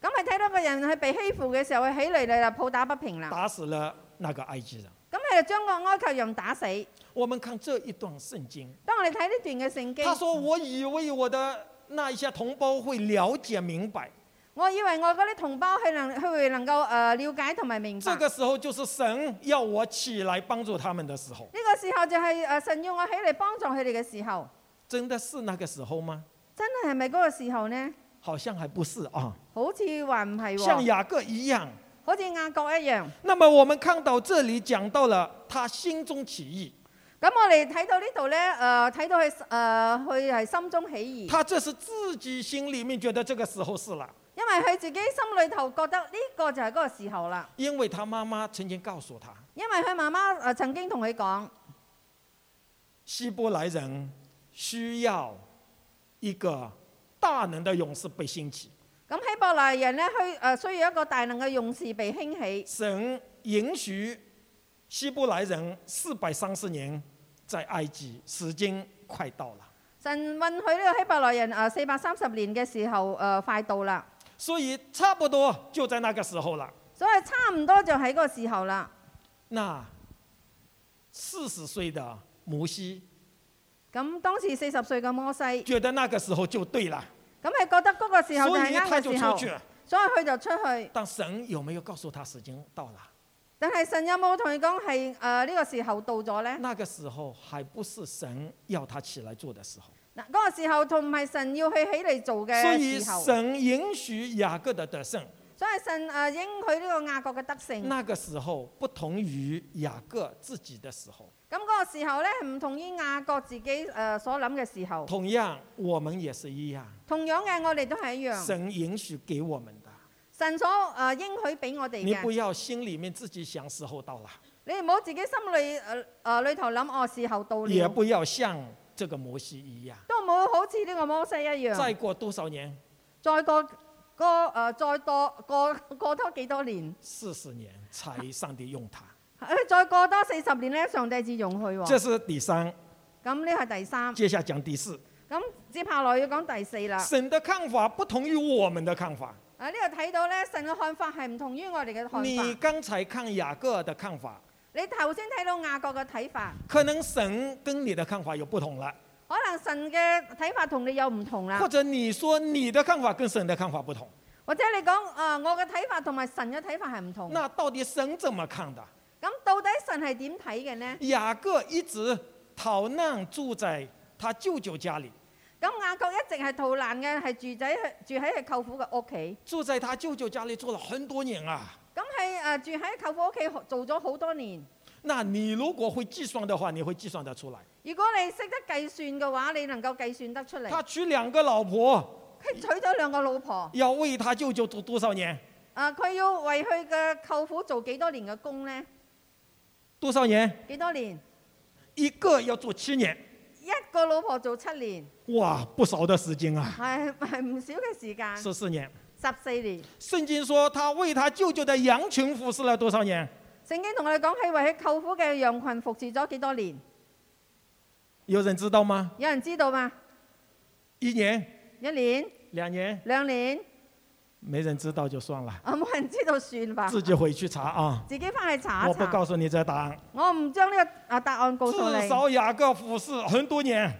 咁咪睇到個人係被欺負嘅時候，佢起嚟嚟啦抱打不平啦，打死了那個埃及人。咁佢就將個埃及人打死。我們看這一段聖經，當我哋睇呢段嘅聖經，他說我以為我的那一些同胞會了解明白。我以為我嗰啲同胞佢能佢會能夠誒、呃、了解同埋明白。這個時候就是神要我起來幫助他們的時候。呢個時候就係誒神要我起來幫助佢哋嘅時候。真的是那個時候嗎？真係係咪嗰個時候呢？好像還不是啊。好似還唔係喎。像雅各一樣。好似雅各一樣。那麼我們看到這裡講到了他心中起意。咁我哋睇到呢度咧誒睇到佢誒佢係心中起意。他這是自己心裡面覺得這個時候是啦。因為佢自己心裏頭覺得呢個就係嗰個時候啦。因為他媽媽曾經告訴他。因為佢媽媽誒曾經同佢講，希伯來人需要一個大能嘅勇士被興起。咁希伯來人呢，佢誒需要一個大能嘅勇士被興起。神允許希伯來人四百三十年在埃及，時間快到啦。神允許呢個希伯來人誒四百三十年嘅時候誒快到啦。所以差不多就在那個時候啦。所以差唔多就喺個時候啦。嗱四十歲的摩西，咁當時四十歲嘅摩西，覺得那個時候就對啦。咁係覺得嗰個時候就啱嘅時候。所以他就出去。所以佢就出去。但神有沒有告訴他時間到啦？但係神有冇同你講係誒呢個時候到咗咧？那個時候還不是神要他起來做的時候。嗰、那個時候同埋神要去起嚟做嘅，所以神允許雅各嘅得勝。所以神誒應許呢個雅各嘅得勝，那個時候不同於雅各自己嘅時候。咁、那、嗰個時候咧唔同於雅各自己誒所諗嘅時候。同樣，我們也是一樣。同樣嘅，我哋都係一樣。神允許給我們的。神所誒應許俾我哋嘅。你不要心裏面自己想時候到了。你唔好自己心裏誒誒裏頭諗哦時候到了。也不要想。這個模式一樣，都冇好似呢個摩西一樣。再過多少年？再過過誒、呃，再多過過,過多幾多年？四十年才上帝用它、啊、再過多四十年咧，上帝至用佢。這是第三。咁呢個係第三。接下來講第四。咁接下來要講第四啦、啊這個。神的看法不同於我們的看法。啊，呢個睇到咧，神嘅看法係唔同於我哋嘅看法。你剛才看雅各的看法。你頭先睇到雅各嘅睇法，可能神跟你的看法有不同啦。可能神嘅睇法同你有唔同啦。或者你說你的看法跟神的看法不同，或者你講誒、呃、我嘅睇法同埋神嘅睇法係唔同。那到底神怎麼看的？咁到底神係點睇嘅呢？雅各一直逃難，住在他舅舅家裏。咁雅各一直係逃難嘅，係住仔住喺佢舅父嘅屋企。住在他舅舅家裏住了很多年啊。咁係誒住喺舅父屋企做咗好多年。嗱，你如果會計算嘅話，你會計算得出嚟？如果你識得計算嘅話，你能夠計算得出嚟？他娶兩個老婆，佢娶咗兩個老婆。要為他舅舅、啊、做多少年？誒，佢要為佢嘅舅父做幾多年嘅工咧？多少年？幾多年？一個要做七年。一個老婆做七年。哇，不少嘅時間啊！係係唔少嘅時間。十四年。十四年。聖經說，他為他舅舅的羊群服侍了多少年？聖經同我哋講起為佢舅父嘅羊群服侍咗幾多年？有人知道嗎？有人知道嗎？一年。一年。兩年。兩年。沒人知道就算啦。啊，冇人知道算吧。自己回去查啊。自己翻去查一查。我不告訴你這答案。我唔將呢個啊答案告訴你。至少雅各服侍很多年。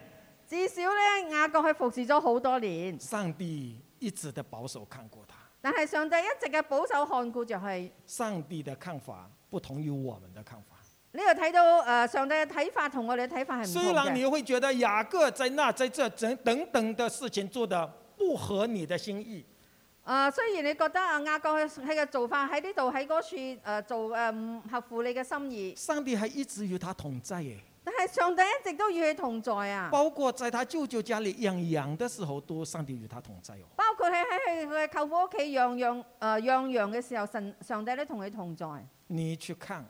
至少呢雅各係服侍咗好多年。上帝。一直嘅保守看顧他，但係上帝一直嘅保守看顧就係上帝嘅看法，不同於我們嘅看法。你又睇到，誒，上帝嘅睇法同我哋嘅睇法係咪？同雖然你會覺得雅各在那，在這等等等嘅事情做得不合你嘅心意，誒，雖然你覺得阿雅各佢嘅做法喺呢度喺嗰處誒做誒唔合乎你嘅心意，上帝係一直與他同在嘅。係上帝一直都與佢同在啊！包括在他舅舅家裏養羊嘅時候，都上帝與他同在哦。包括喺喺佢佢舅父屋企養羊，誒養羊嘅時候，神上帝都同佢同在。你去看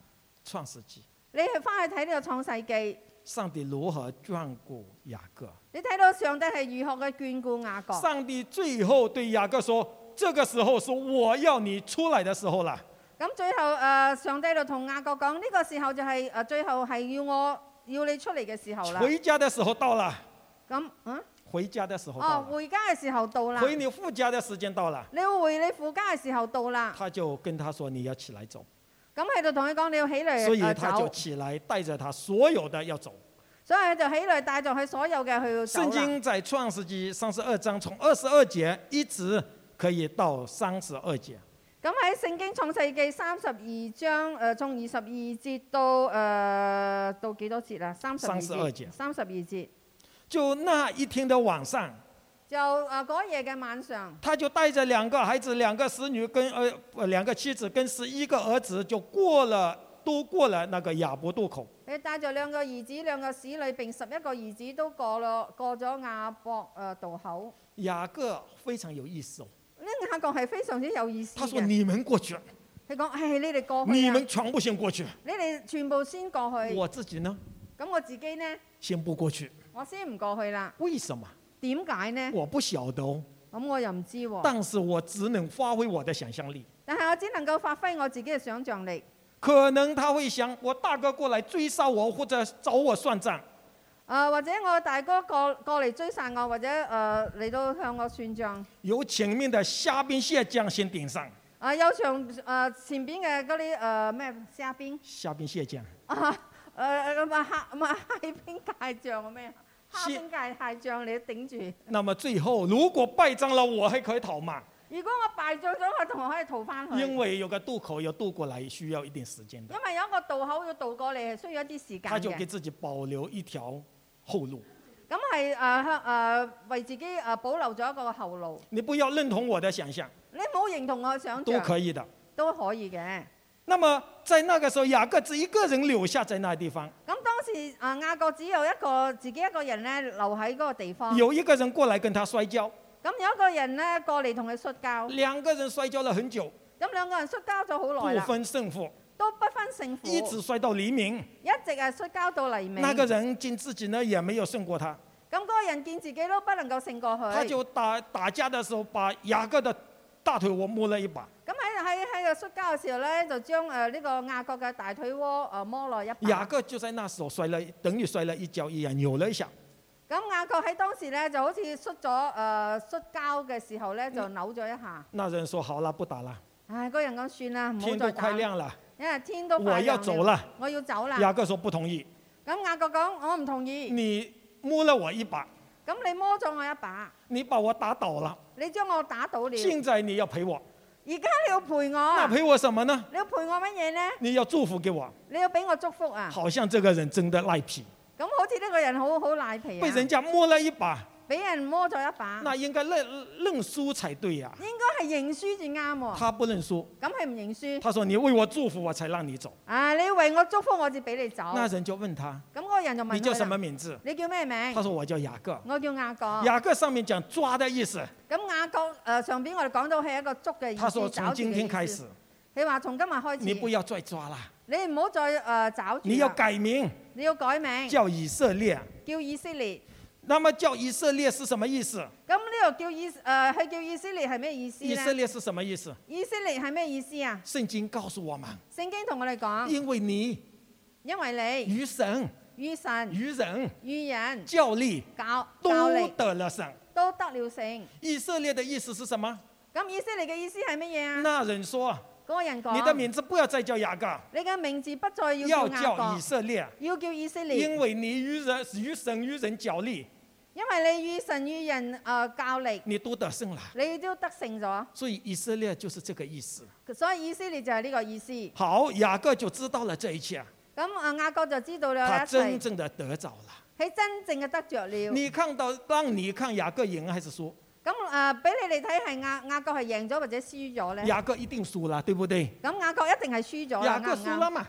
創世紀，你去翻去睇呢個創世紀，上帝如何眷顧雅各？你睇到上帝係如何嘅眷顧雅各？上帝最後對雅各說：「這個時候是我要你出來嘅時候啦。咁最後誒，上帝就同雅各講：「呢個時候就係誒，最後係要我。要你出嚟嘅時候啦，回家的時候到了。咁，嗯、啊，回家的時候，哦，回家嘅時候到啦。回你父家嘅時間到了。你回你父家嘅時候到啦。他就跟他說，你要起來走。咁喺度同佢講，你要起來，所以他就起來帶着他所有的要走。所以他就起來帶着佢所有嘅去走。聖經在創世記三十二章從二十二節一直可以到三十二節。咁喺《聖經創世記》三十二章，誒、呃、從二十二節到誒、呃、到幾多節啊？三十二節。三十二節。就那一天嘅晚上。就誒嗰、呃、夜嘅晚上。他就帶着兩個孩子、兩個使女跟誒兩、呃、個妻子跟十一個兒子，就過了都過了那個雅博渡口。佢帶着兩個兒子、兩個使女並十一個兒子都過了過咗雅博誒渡、呃、口。雅各非常有意思、哦。跟阿哥係非常之有意思。佢講：係、哎、你哋過去。你們全部先過去。你哋全部先過去。我自己呢？咁我自己呢？先不過去。我先唔過去啦。為什麼？點解呢？我不曉得。咁我又唔知喎。但是我只能發揮我的想象力。但係我只能夠發揮我自己嘅想像力。可能他會想我大哥過來追殺我，或者找我算賬。啊，或者我大哥過過嚟，追殺我，或者誒你都向我算賬。由前面嘅蝦兵蟹將先頂上。啊，有場誒前邊嘅嗰啲誒咩蝦兵？蝦兵蟹將。啊，誒誒，乜黑乜蟹兵蟹將咩？蝦兵蟹將你頂住。那麼最後如果敗仗了，我還可以逃嘛。如果我敗仗咗，我同可以逃翻去。因為有個渡口要渡過嚟，需要一點時間。因為有一個渡口要渡過嚟，係需要一啲時間嘅。佢就給自己保留一條。後路，咁係誒誒為自己誒、呃、保留咗一個後路。你不要認同我的想象。你唔好認同我想象。都可以的，都可以嘅。那麼在那個時候，雅各只一個人留下在那個地方。咁當時誒、呃、雅各只有一個自己一個人呢，留喺嗰個地方。有一個人過來跟他摔跤。咁有一個人呢，過嚟同佢摔跤。兩個人摔跤了很久。咁兩個人摔跤咗好耐。不分勝負。都不分勝負，一直摔到黎明。一直係摔跤到黎明。那個人見自己呢，也沒有勝過他。咁、嗰個人見自己都不能夠勝過去。他就打打架的時候，把雅各的大腿窩摸了一把。咁喺喺喺度摔跤嘅時候咧，就將誒呢、呃這個雅各嘅大腿窩誒摸落一把。雅各就在那時候摔了，等於摔了一跤一樣，扭了一下。咁雅各喺當時咧就好似摔咗誒、呃、摔跤嘅時候咧，就扭咗一下、嗯。那人說：「好啦，不打啦。唉、哎，個人講算啦，唔好再打，天都快亮啦。因為天都快黑啦，我要走啦。雅各說不同意。咁雅各講，我唔同意。你摸了我一把。咁你摸咗我一把。你把我打倒啦。你將我打倒了。現在你要賠我。而家你要賠我。那賠我什麼呢？你要賠我乜嘢呢？你要祝福給我。你要俾我祝福啊？好像這個人真的賴皮。咁好似呢個人好好賴皮啊。被人家摸了一把。俾人摸咗一把，那應該認認輸才對啊。應該係認輸至啱喎。他不認輸，咁佢唔認輸。他說你為我祝福我才讓你走。啊，你為我祝福我就俾你走。那人就問他，咁嗰人就問你叫什麼名字？你叫咩名？他說我叫雅各。我叫雅各。雅各上面講抓的意思。咁雅各誒上邊我哋講到係一個捉嘅意思，找住。他說從今天開始，佢話從今日開始，你不要再抓啦。你唔好再誒找。你要改名，你要改名叫以色列，叫以色列。那麼叫以色列是什麼意思？咁呢個叫以誒，佢、呃、叫以色列係咩意思？以色列是什麼意思？以色列係咩意思啊？聖經告訴我們。聖經同我哋講。因為你，因為你，與神，與神，與人，與人，教力，教都得了神，都得了勝。以色列的意思是什麼？咁以色列嘅意思係乜嘢啊？那人說，那個人講，你的名字不要再叫雅各，你嘅名字不再要叫雅各，要叫以色列，要叫以色列，因為你與人與神與人教力。因為你與神與人誒、呃、較力，你都得勝啦，你都得勝咗。所以以色列就是這個意思。所以以色列就係呢個意思。好，雅各就知道了這一切。咁、嗯、啊、呃，雅各就知道了他真正的得着了。喺真正嘅得着了。你看到，當你看雅各贏還是輸？咁、嗯、誒，俾、嗯呃、你哋睇係雅雅各係贏咗或者輸咗咧？雅各一定輸啦，對不對？咁雅各一定係輸咗。雅各輸啦嘛？誒、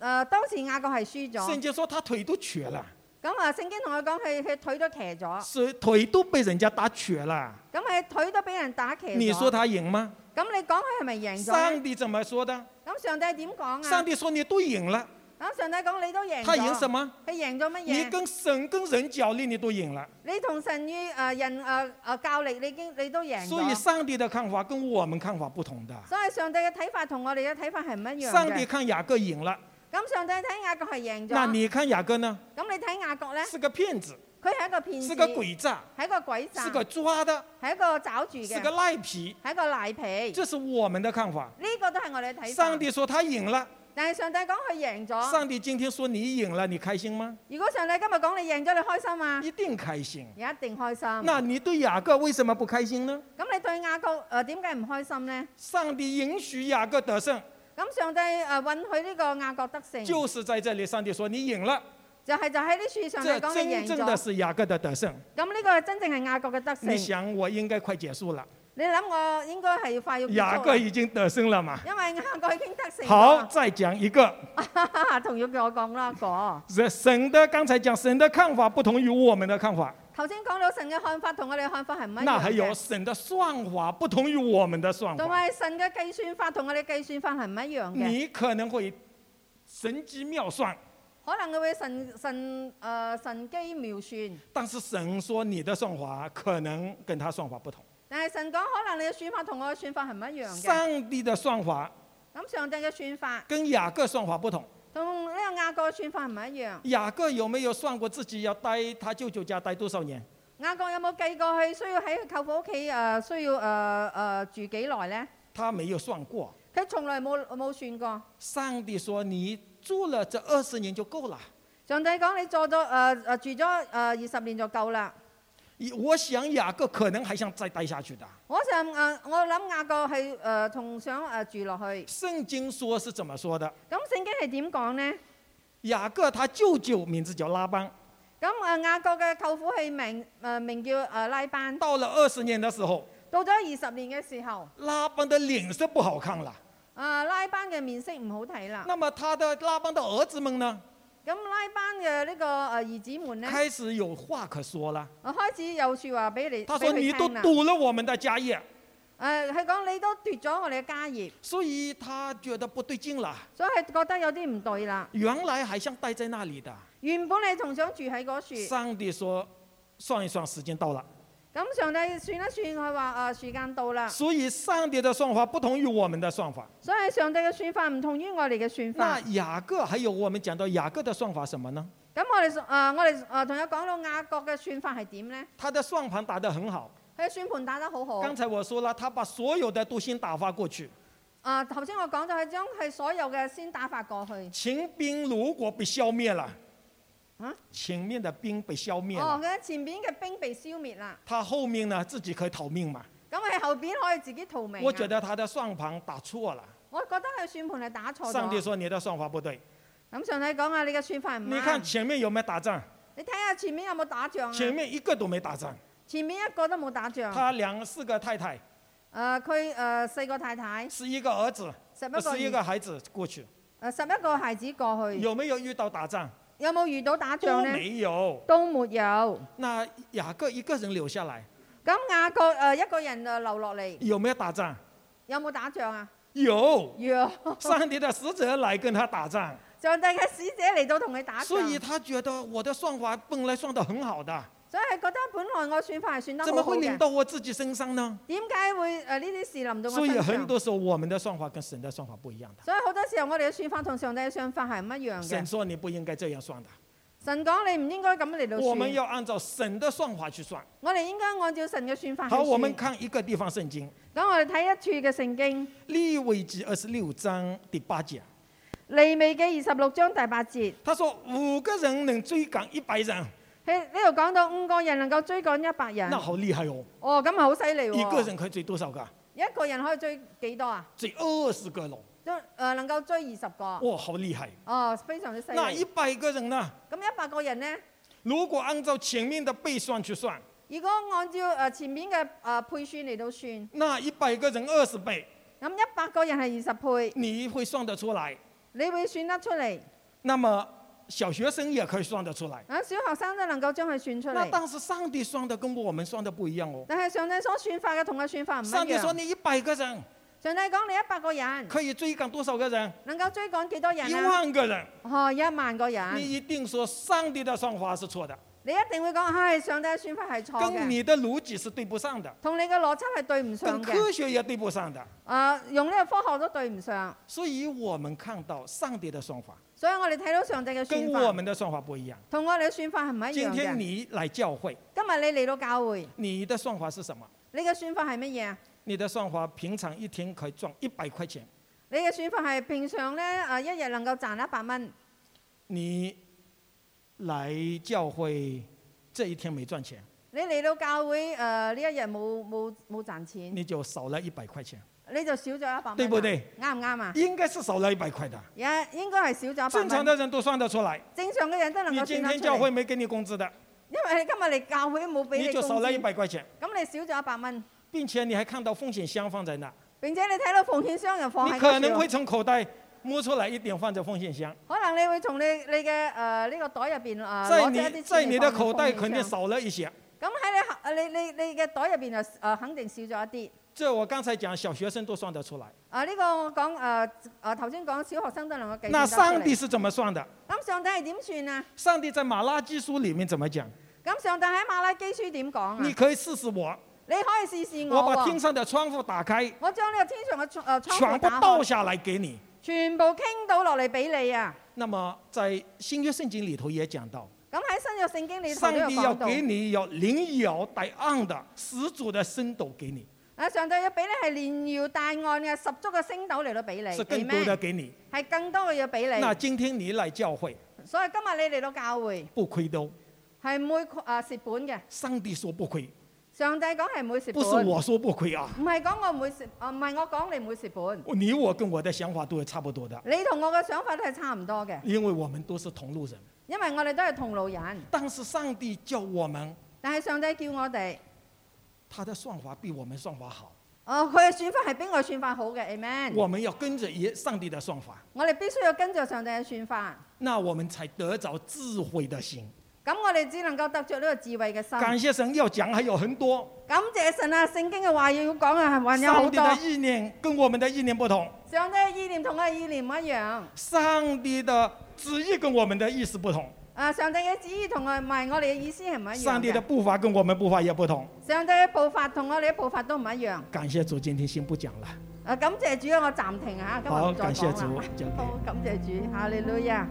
呃，當時雅各係輸咗。甚至說，他腿都瘸啦。咁啊，聖經同佢講，佢佢腿都騎咗，腿都被人家打瘸啦。咁佢腿都俾人打瘸。你說他贏嗎？咁你講佢係咪贏咗？上帝怎麼說的？咁上帝點講啊？上帝說你都贏了。咁上帝講你都贏咗。他贏什麼？佢贏咗乜嘢？你跟神跟人較力，你都贏啦。你同神與誒、呃、人誒誒較力，你已經你都贏。所以上帝嘅看法跟我們看法不同的。所以上帝嘅睇法同我哋嘅睇法係唔一樣。上帝看雅各贏了。咁上帝睇雅各係贏咗。嗱你睇雅各呢？咁你睇雅各咧？是個騙子。佢係一個騙子。是個鬼詐。係一個鬼詐。是個抓的。係一個找住嘅。是個賴皮。係一個賴皮。這是我們的看法。呢、這個都係我哋睇。上帝說他贏了。但係上帝講佢贏咗。上帝今天說你贏了，你開心嗎？如果上帝今日講你贏咗，你開心嗎？一定開心。一定開心。那你對雅各為什麼不開心呢？咁你對雅各誒點解唔開心呢？上帝允許雅各得勝。咁上帝誒、呃、允許呢個雅各得勝，就是在這裏上帝說你贏了，就係、是、就喺啲樹上嚟講，你贏咗。這真正的是雅各的得勝。咁呢個真正係雅各嘅得勝，你想我應該快結束啦？你諗我應該係快要？雅各已經得勝啦嘛。因為雅各已經得勝了。好，再講一個， 同樣叫我講啦，講。神的，剛才講神的看法，不同於我們的看法。頭先講到神嘅看法同我哋看法係唔一樣嘅。那還有神嘅算法不同於我們嘅算法。同埋神嘅計算法同我哋計算法係唔一樣嘅。你可能會神機妙算。可能佢會神神，誒、呃、神機妙算。但是神說你嘅算法可能跟他算法不同。但係神講可能你嘅算法同我嘅算法係唔一樣嘅。上帝嘅算法。咁上帝嘅算法，跟雅各算法不同。同呢個雅各算法唔係一樣。雅各有冇有算過自己要待他舅舅家待多少年？雅各有冇計過去需要喺舅父屋企誒需要誒誒、呃呃、住幾耐咧？他沒有算過。佢從來冇冇算過。上帝說：你住了這二十年就夠啦。上帝講你住咗誒誒住咗誒二十年就夠啦。我想雅各可能還想再待下去的。我想我諗雅各係誒，仲、呃、想誒住落去。聖經說是怎麼說的？咁聖經係點講呢？雅各他舅舅名字叫拉班。咁、嗯、誒雅各嘅舅父係名誒名叫誒拉班。到了二十年嘅時候。到咗二十年嘅時候。拉班嘅臉、呃、色不好看了。誒拉班嘅面色唔好睇啦。那麼他的拉班的兒子們呢？咁拉班嘅呢個誒兒子們咧，開始有話可說啦。我開始有說話俾你，他說他聽你都奪了我們的家業。誒、呃，佢講你都奪咗我哋嘅家業。所以他覺得不對勁啦。所以佢覺得有啲唔對啦。原來係想待在那裏的。原本你仲想住喺嗰處。上帝說，算一算時間到了。咁上帝算一算，佢話啊時間到啦，所以上帝嘅算法不同於我們的算法。所以上帝嘅算法唔同於我哋嘅算法。那雅各還有我們講到雅各嘅算法什麼呢？咁我哋啊、呃、我哋啊仲有講到雅各嘅算法係點咧？他的算盤打得很好，佢嘅算盤打得好好。剛才我說啦，他把所有的都先打發過去。啊、呃，頭先我講就係將佢所有嘅先打發過去。請兵如果被消滅啦。前面的兵被消滅。哦，前面嘅兵被消滅啦。他後面呢？自己可以逃命嘛？咁後邊可以自己逃命、啊。我覺得他的算盤打錯了。我覺得佢算盤係打錯了。上帝說你的算法不對。咁上帝講你嘅算法唔啱。你看前面有沒有打仗？你睇下前面有冇打仗。前面一個都沒打仗。前面一個都冇打仗。他兩四個太太。誒、呃，佢誒、呃、四個太太。十一個兒子，十一個、呃、個孩子過去。誒、呃，十一個孩子過去。有沒有遇到打仗？有冇遇到打仗呢？沒有。都沒有。那雅各一個人留下來，咁雅各誒一個人就留落嚟。有冇打仗？有冇打仗啊？有。有。 上帝嘅使者來跟他打仗。上帝嘅使者嚟到同佢打仗。所以他覺得我的算法，本來算得很好的。所以係覺得本來我算法係算得好嘅，怎麼會擰到我自己身上呢？點解會誒呢啲事臨到我身上？所以很多時候我們的算法跟神的算法不一樣的。所以好多時候我哋嘅算法同上帝嘅算法係唔一樣嘅。神說你不應該這樣算的，神講你唔應該咁嚟到算。我們要按照神嘅算法去算。我哋應該按照神嘅算法去算。好，我們看一個地方聖經。咁我哋睇一處嘅聖經。利未記二十六章第八節。利未記二十六章第八節。他說五個人能追趕一百人。呢呢度講到五個人能夠追趕一百人，那好厲害哦！哦，咁啊好犀利喎！一個人可以追多少噶？一個人可以追幾多啊？追二十個咯。即誒，能夠追二十個。哦，好厲害！哦，非常之犀利。嗱，一百個人呢？咁一百個人呢？如果按照前面嘅倍算去算，如果按照誒前面嘅誒倍算嚟到算，嗱，一百個人二十倍，咁一百個人係二十倍，你會算得出嚟，你會算得出嚟？那麼。小學生也可以算得出來。啊，小學生都能夠將佢算出來。那當時上帝算的跟我們算的不一樣哦。但係上帝所算法嘅同算法唔一樣。上帝說你一百個人。上帝講你一百個人。可以追趕多少個人？能夠追趕幾多人？一萬個人。哦，一萬個人。你一定說上帝的算法是錯的。你一定會講，唉、哎，上帝嘅算法係錯嘅。跟你的邏輯是對不上的。同你嘅邏輯係對唔上嘅。同科學也對不上的。啊、呃，用呢個科學都對唔上。所以我們看到上帝的算法。所以我哋睇到上帝嘅算法，跟我們的算法不一樣。同我哋嘅算法係唔係一樣。今天你來教會，今日你嚟到教會，你的算法係什麼？你嘅算法係乜嘢啊？你的算法,的算法平常一天可以賺一百塊錢。你嘅算法係平常咧，誒一日能夠賺一百蚊。你來教會，這一天沒賺錢，你嚟到教會誒呢、呃、一日冇冇冇賺錢，你就少了一百塊錢。你就少咗一百塊，對不對？啱唔啱啊？應該是少咗一百塊的。也、yeah, 應該係少咗一百。正常的人都算得出來。正常嘅人都能夠算得出來。你今天教會沒給你工資的。因為你今日嚟教會冇俾。你就少咗一百塊錢。咁你少咗一百蚊。並且你還看到奉獻箱放在那。並且你睇到奉獻箱又放喺度。你可能會從口袋摸出來一點，放在奉獻箱。可能你會從你你嘅誒呢個袋入邊啊攞咗一啲錢你的。你嘅口袋肯定少咗一些。咁喺你你你你嘅袋入邊就誒、呃、肯定少咗一啲。我剛才講，小學生都算得出來。啊呢、這個我講，頭、呃、先、啊、講小學生都能夠計算。那上帝是怎麼算的？咁上帝係點算啊？上帝在馬拉基書裏面怎麼講？咁上帝喺馬拉基書點講啊？你可以試試我。你可以試試我、哦。我把天上的窗戶打開。我將呢個天上的窗誒窗打開。全部倒下來給你。全部傾倒落嚟俾你啊！那麼在新約聖經裏頭也講到。咁喺新約聖經裏頭，上帝要給你連搖帶按的十足的升斗給你。啊！上帝要俾你係連搖帶按嘅十足嘅星斗嚟到俾你，係咩？係更多嘅要俾你。那今天你嚟教會，所以今日你嚟到教會不虧都，係唔會啊蝕本嘅。上帝說不虧，上帝講係唔會蝕本。不是我說不虧啊，唔係講我唔會蝕，唔係我講你唔會蝕本。你我跟我的想法都係差不多嘅。你同我嘅想法都係差唔多嘅，因為我們都是同路人，因為我哋都係同路人。但是上帝叫我們，但係上帝叫我哋。他的算法比我們算法好。哦，佢嘅算法係邊個算法好嘅，amen。我們要跟着耶上帝嘅算法。我哋必須要跟着上帝嘅算法。那我們才得着智慧的心。咁我哋只能夠得着呢個智慧嘅心。感謝神要講，係有很多。感謝神啊，聖經嘅話要講啊，還有好多。上帝的意念跟我們的意念不同。上帝嘅意念同我哋意念唔一樣。上帝嘅旨意跟我們的意思不同。啊！上帝嘅旨意同我唔係，我哋嘅意思係唔一樣。上帝的步伐跟我們步伐也不同。上帝嘅步伐同我哋嘅步伐都唔一樣。感謝主，啊、今天先不講啦。啊，感謝主啊！我暫停吓。好，感謝主。好，感謝主。阿你女啊。